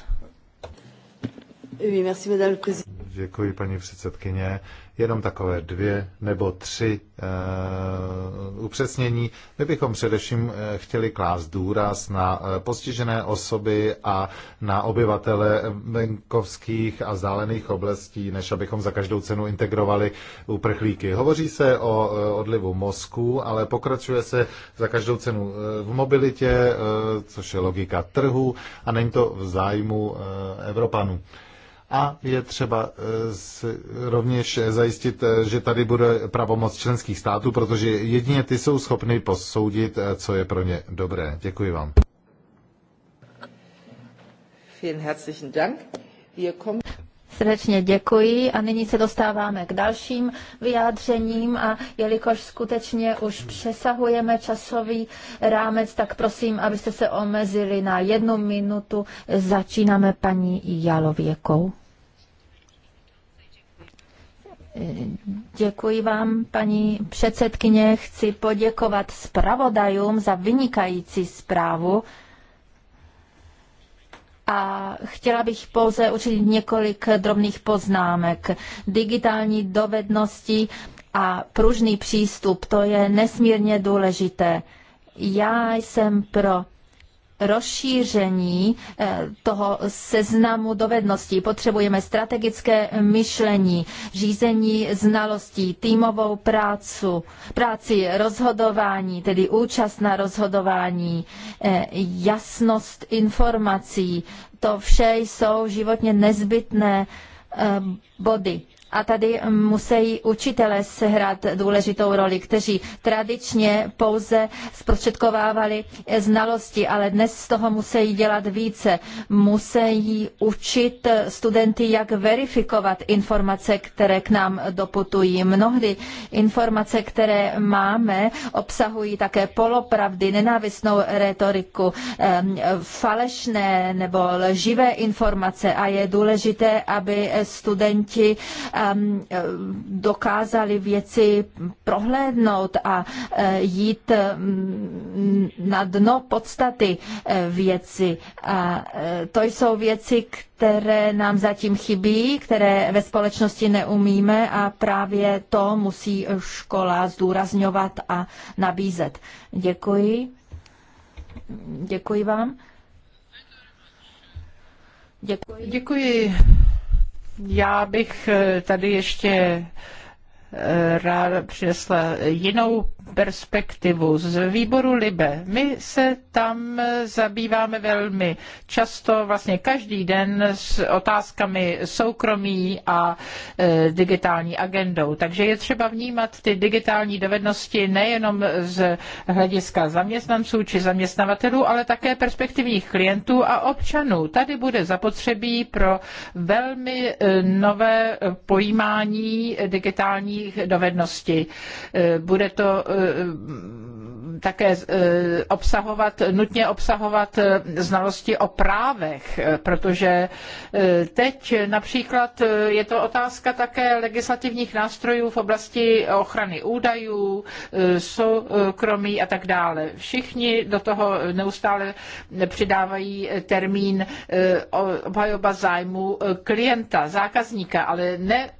Speaker 2: Děkuji, paní předsedkyně jenom takové dvě nebo tři eh, upřesnění. My bychom především eh, chtěli klást důraz na eh, postižené osoby a na obyvatele venkovských a vzdálených oblastí, než abychom za každou cenu integrovali uprchlíky. Hovoří se o odlivu mozku, ale pokračuje se za každou cenu v mobilitě, což je logika trhu a není to v zájmu Evropanů a je třeba eh, rovněž zajistit, eh, že tady bude pravomoc členských států, protože jedině ty jsou schopny posoudit, eh, co je pro ně dobré. Děkuji vám.
Speaker 3: Srdečně děkuji a nyní se dostáváme k dalším vyjádřením a jelikož skutečně už přesahujeme časový rámec, tak prosím, abyste se omezili na jednu minutu. Začínáme paní Jalověkou. Děkuji vám, paní předsedkyně. Chci poděkovat zpravodajům za vynikající zprávu. A chtěla bych pouze učinit několik drobných poznámek. Digitální dovednosti a pružný přístup, to je nesmírně důležité. Já jsem pro rozšíření eh, toho seznamu dovedností. Potřebujeme strategické myšlení, řízení znalostí, týmovou prácu, práci, rozhodování, tedy účast na rozhodování, eh, jasnost informací. To vše jsou životně nezbytné eh, body a tady musí učitelé sehrát důležitou roli, kteří tradičně pouze zprostředkovávali znalosti, ale dnes z toho musí dělat více. Musí učit studenty, jak verifikovat informace, které k nám doputují. Mnohdy informace, které máme, obsahují také polopravdy, nenávistnou retoriku, falešné nebo lživé informace a je důležité, aby studenti Eh, dokázali věci prohlédnout a eh, jít mm, na dno podstaty eh, věci. A to jsou věci, které nám zatím chybí, které ve společnosti neumíme a právě to musí škola zdůrazňovat a nabízet. Děkuji. Děkuji vám.
Speaker 1: Děkuji. Děkuji já bych eh, tady ještě eh, ráda přinesla jinou perspektivu z výboru Libe. My se tam zabýváme velmi často, vlastně každý den s otázkami soukromí a e, digitální agendou. Takže je třeba vnímat ty digitální dovednosti nejenom z hlediska zaměstnanců či zaměstnavatelů, ale také perspektivních klientů a občanů. Tady bude zapotřebí pro velmi e, nové pojímání digitálních dovedností. E, bude to Eh, také eh, obsahovat, nutně obsahovat eh, znalosti o právech, protože teď například je to otázka také legislativních nástrojů v oblasti ochrany údajů, soukromí a tak dále. Všichni do toho neustále přidávají termín obhajoba zájmu klienta, zákazníka, ale ne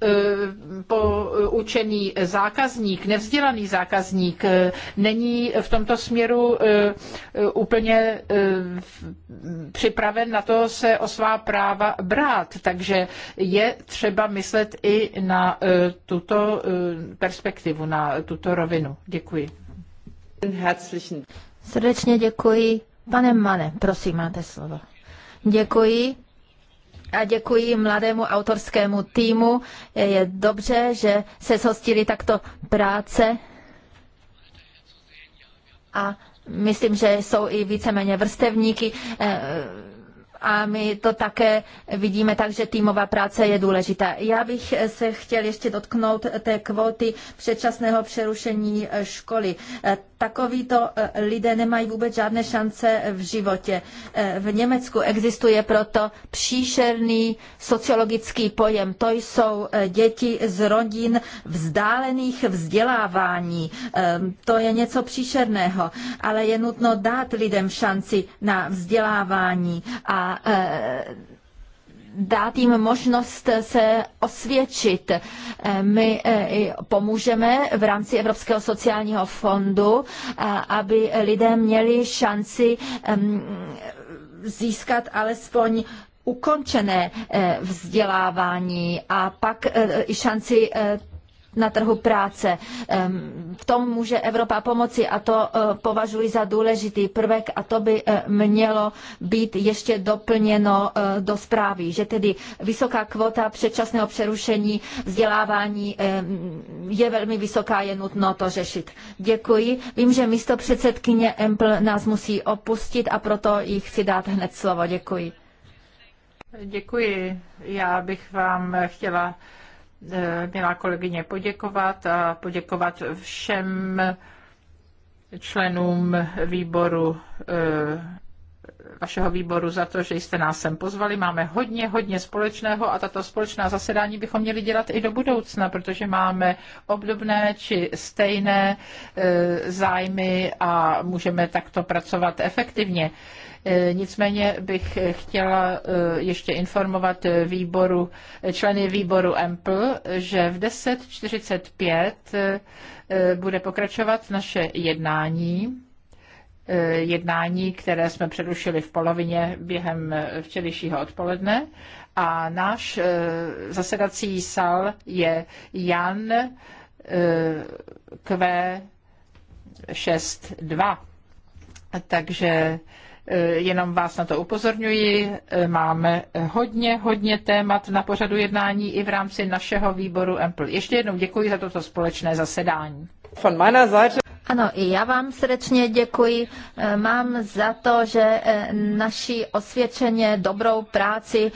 Speaker 1: poučený zákazník, nevzdělaný zákazník, dotazník. Eh, není v tomto směru eh, eh, úplně připraven na to se o svá práva brát, takže je třeba myslet i na tuto perspektivu, na tuto rovinu. Děkuji.
Speaker 3: Srdečně děkuji. Pane Mane, prosím, máte slovo. Děkuji a děkuji mladému autorskému týmu. Je dobře, že se zhostili takto práce a myslím, že jsou i víceméně vrstevníky eh, a my to také vidíme tak, že týmová práce je důležitá. Já bych se chtěl ještě dotknout té kvóty předčasného přerušení školy. Eh, takovýto e, lidé nemají vůbec žádné šance v životě. E, v Německu existuje proto příšerný sociologický pojem. To jsou e, děti z rodin vzdálených vzdělávání. To je něco příšerného, ale je nutno dát lidem šanci na vzdělávání a dát jim možnost se osvědčit. Eh, my eh, pomůžeme v rámci Evropského sociálního fondu, aby lidé měli šanci získat alespoň ukončené eh, vzdělávání a pak i šanci na trhu práce. V tom může Evropa pomoci a to eh, považuji za důležitý prvek a to by eh, mělo být ještě doplněno eh, do zprávy, že tedy vysoká kvota předčasného přerušení vzdělávání je velmi vysoká, je nutno to řešit. Děkuji. Vím, že místo předsedkyně Empl nás musí opustit a proto jí chci dát hned slovo. Děkuji.
Speaker 1: Děkuji. Já bych vám chtěla Eh, milá kolegyně, poděkovat a poděkovat všem členům výboru eh, vašeho výboru za to, že jste nás sem pozvali. Máme hodně, hodně společného a tato společná zasedání bychom měli dělat i do budoucna, protože máme obdobné či stejné e, zájmy a můžeme takto pracovat efektivně. E, E, nicméně bych chtěla e, ještě informovat výboru, členy výboru EMPL, že v 10.45 e, bude pokračovat naše jednání jednání, které jsme přerušili v polovině během včerejšího odpoledne. A náš zasedací sal je Jan Q62. Takže Eh, jenom vás na to upozorňuji, eh, máme eh, hodně, hodně témat na pořadu jednání i v rámci našeho výboru Ample. Ještě jednou děkuji za toto společné zasedání. Von meiner Seite. Ano,
Speaker 3: i já vám srdečně děkuji.
Speaker 1: Mám za to, že naši
Speaker 3: osvědčeně dobrou práci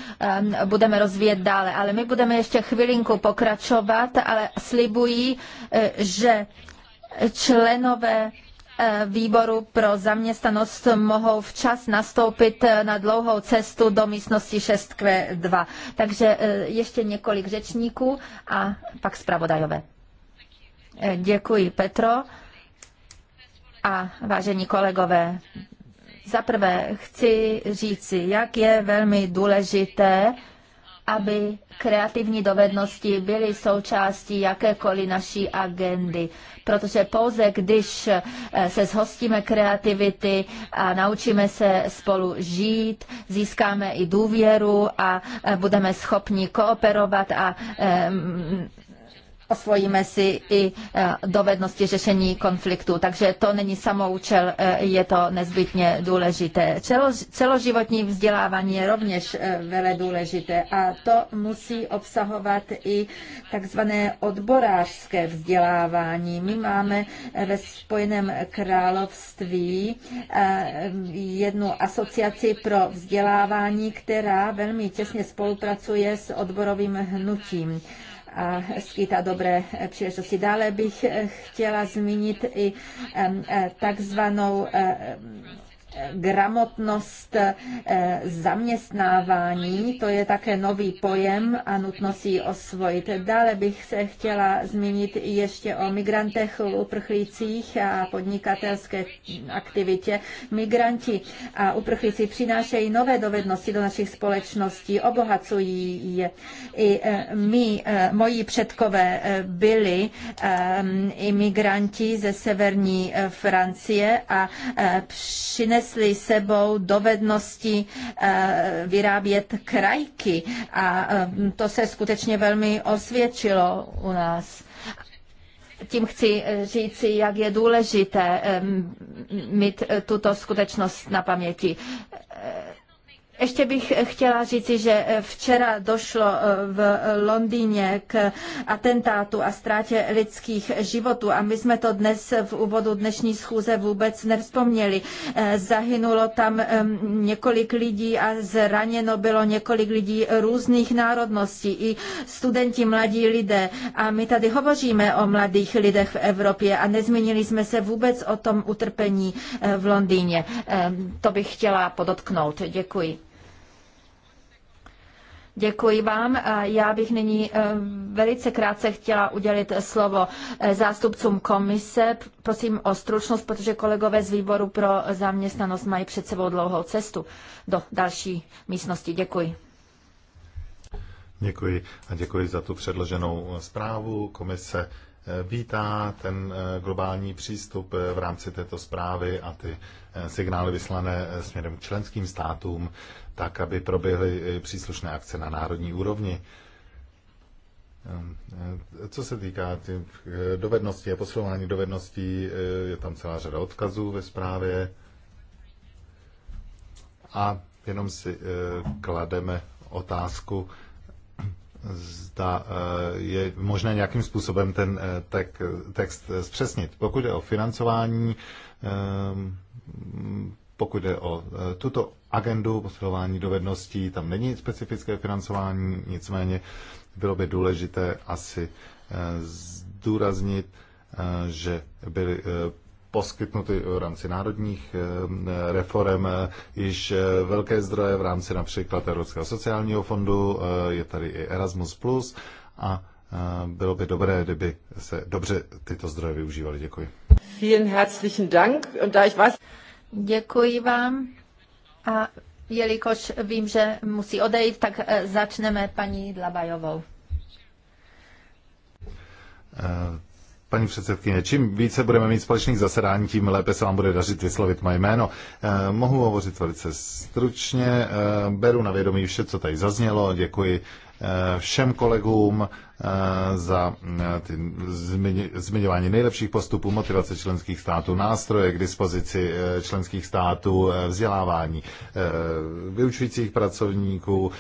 Speaker 3: budeme rozvíjet dále, ale my budeme ještě chvilinku pokračovat, ale slibuji, že členové E, výboru pro zaměstnanost mohou včas nastoupit e, na dlouhou cestu do místnosti 6Q2. Takže e, ještě několik řečníků a pak zpravodajové. Děkuji, Petro. A vážení kolegové, za prvé chci říci, jak je velmi důležité, aby kreativní dovednosti byly součástí jakékoliv naší agendy. Protože pouze když eh, se zhostíme kreativity a naučíme se spolu žít, získáme i důvěru a eh, budeme schopni kooperovat a eh, osvojíme si i e, dovednosti řešení konfliktu. Takže to není samoučel, e, je to nezbytně důležité. Celoživotní vzdělávání je rovněž e, velmi důležité a to musí obsahovat i takzvané odborářské vzdělávání. My máme ve Spojeném království jednu asociaci pro vzdělávání, která velmi těsně spolupracuje s odborovým hnutím a skýtá dobré příležitosti. Dále bych eh, chtěla zmínit i eh, takzvanou eh, gramotnost eh, zaměstnávání, to je také nový pojem a nutno si ji osvojit. Dále bych se chtěla zmínit ještě o migrantech, uprchlících a podnikatelské aktivitě. Migranti a uprchlíci přinášejí nové dovednosti do našich společností, obohacují je. I eh, my, eh, moji předkové byli mm, imigranti ze severní Francie a přinesli přinesli sebou dovednosti eh, vyrábět krajky a eh, to se skutečně velmi osvědčilo u nás. Tím chci eh, říci, jak je důležité mít tuto skutečnost na paměti ještě bych eh, chtěla říci, že eh, včera došlo eh, v Londýně k atentátu a ztrátě lidských životů a my jsme to dnes v úvodu dnešní schůze vůbec nevzpomněli. Zahynulo tam několik lidí a zraněno bylo několik lidí různých národností, i studenti, mladí lidé. A my tady hovoříme o mladých lidech v Evropě a nezmínili jsme se vůbec o tom utrpení v Londýně. To bych chtěla podotknout. Děkuji. Děkuji vám. Já bych nyní eh, velice krátce chtěla udělit slovo eh, zástupcům komise. Prosím o stručnost, protože kolegové z výboru pro zaměstnanost mají před sebou dlouhou cestu do další místnosti. Děkuji.
Speaker 2: Děkuji a děkuji za tu předloženou eh, zprávu. Komise vítá ten eh, globální přístup eh, v rámci této zprávy a ty eh, signály vyslané směrem k členským státům, tak aby proběhly příslušné akce na národní úrovni. Ehm, co se týká dovedností a posilování dovedností, je tam celá řada odkazů ve zprávě a jenom si klademe otázku, zda eh, je možné nějakým způsobem ten eh, text zpřesnit. Pokud je o financování, eh, pokud je o tuto agendu posilování dovedností, tam není specifické financování, nicméně bylo by důležité asi zdůraznit, že byly poskytnuty v rámci národních eh, reform eh, již eh, velké zdroje v rámci například Evropského sociálního fondu, je tady i Erasmus+, a bylo by dobré, kdyby se dobře tyto zdroje využívaly. Děkuji.
Speaker 1: Vielen herzlichen Dank.
Speaker 3: Und da ich weiß... Děkuji vám. A jelikož vím, že musí odejít, tak začneme paní Dlabajovou.
Speaker 2: Paní předsedkyně, čím více budeme mít společných zasedání, tím lépe se vám bude dařit vyslovit moje jméno. Eh, mohu hovořit velice stručně, eh, beru na vědomí vše, co tady zaznělo, děkuji Eh, všem kolegům eh, za eh, ty zmiňování nejlepších postupů, motivace členských států, nástroje k dispozici členských států, vzdělávání vyučujících pracovníků,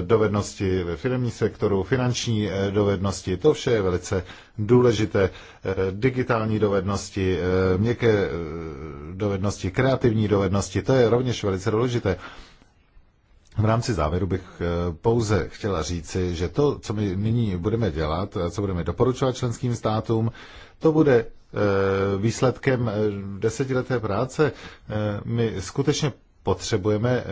Speaker 2: dovednosti ve firmní sektoru, finanční dovednosti, to vše je velice důležité. Digitální dovednosti, měkké dovednosti, kreativní dovednosti, to je rovněž velice důležité. V rámci závěru bych eh, pouze chtěla říci, že to, co my nyní budeme dělat, co budeme doporučovat členským státům, to bude eh, výsledkem eh, desetileté práce. My skutečně potřebujeme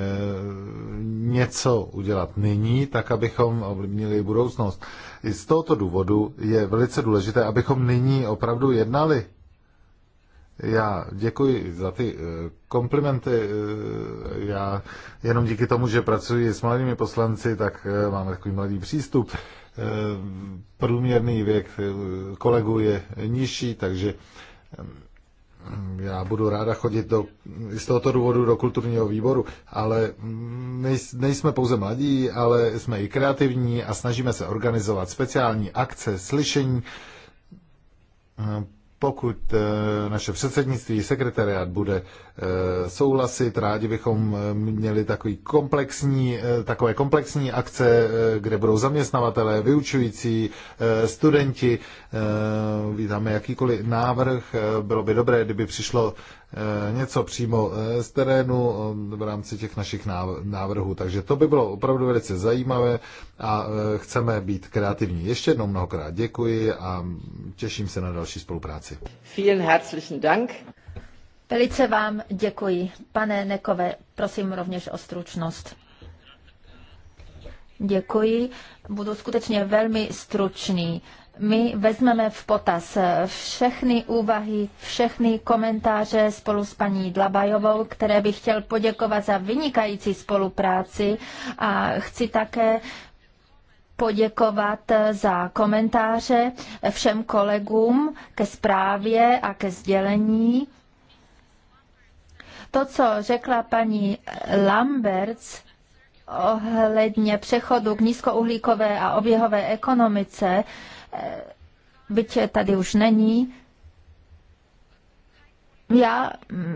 Speaker 2: něco udělat nyní, tak abychom ovlivnili budoucnost. I z tohoto důvodu je velice důležité, abychom nyní opravdu jednali já děkuji za ty eh, komplimenty. Eh, já jenom díky tomu, že pracuji s mladými poslanci, tak eh, máme takový mladý přístup. Průměrný věk kolegů je nižší, takže já budu ráda chodit do, z tohoto důvodu do kulturního výboru, ale mm, nejsme pouze mladí, ale jsme i kreativní a snažíme se organizovat speciální akce, slyšení pokud eh, naše předsednictví, sekretariát bude eh, souhlasit, rádi bychom eh, měli takový komplexní, takové komplexní akce, kde budou zaměstnavatelé, vyučující, studenti. Vítáme jakýkoliv návrh. Bylo by dobré, kdyby přišlo Eh, něco přímo eh, z terénu eh, v rámci těch našich návrhů. Takže to by bylo opravdu velice zajímavé a chceme být kreativní. Ještě jednou mnohokrát děkuji a těším se na další spolupráci.
Speaker 1: Vielen herzlichen Dank.
Speaker 3: Velice vám děkuji. Pane Nekové, prosím rovněž o stručnost. Děkuji. Budu skutečně velmi stručný my vezmeme v potaz všechny úvahy, všechny komentáře spolu s paní Dlabajovou, které bych chtěl poděkovat za vynikající spolupráci a chci také poděkovat za komentáře všem kolegům ke zprávě a ke sdělení. To, co řekla paní Lamberts, ohledně přechodu k nízkouhlíkové a oběhové ekonomice, byť tady už není, já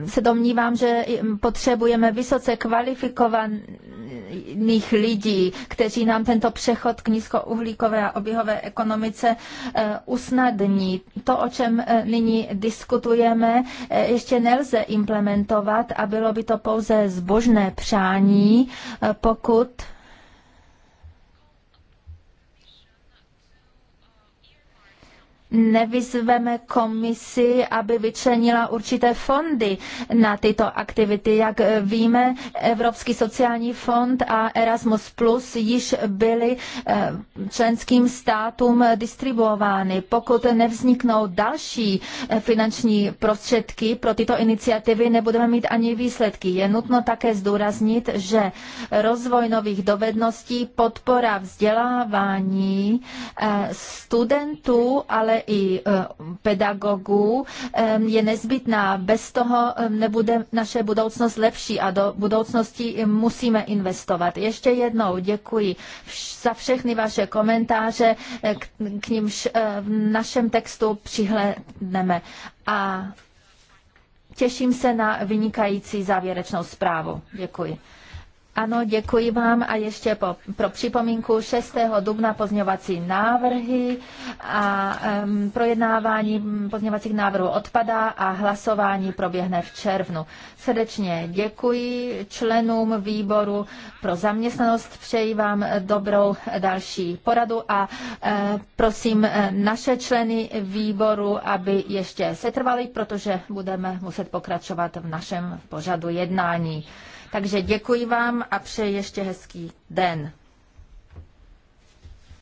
Speaker 3: se domnívám, že potřebujeme vysoce kvalifikovaných lidí, kteří nám tento přechod k nízkouhlíkové a oběhové ekonomice eh, usnadní. To, o čem eh, nyní diskutujeme, eh, ještě nelze implementovat a bylo by to pouze zbožné přání, pokud nevyzveme komisi, aby vyčlenila určité fondy na tyto aktivity. Jak eh, víme, Evropský sociální fond a Erasmus Plus již byly eh, členským státům distribuovány. Pokud nevzniknou další eh, finanční prostředky pro tyto iniciativy, nebudeme mít ani výsledky. Je nutno také zdůraznit, že rozvoj nových dovedností, podpora vzdělávání studentů, ale i e, pedagogů e, je nezbytná. Bez toho e, nebude naše budoucnost lepší a do budoucnosti musíme investovat. Ještě jednou děkuji za všechny vaše komentáře, k nímž v našem textu přihlédneme. A těším se na vynikající závěrečnou zprávu. Děkuji. Ano, děkuji vám a ještě po, pro připomínku 6. dubna pozměňovací návrhy a um, projednávání pozměňovacích návrhů odpadá a hlasování proběhne v červnu. Srdečně děkuji členům výboru pro zaměstnanost, přeji vám dobrou další poradu a uh, prosím e, naše členy výboru, aby ještě setrvali, protože budeme muset pokračovat v našem pořadu jednání. Takže děkuji vám a přeji ještě hezký den.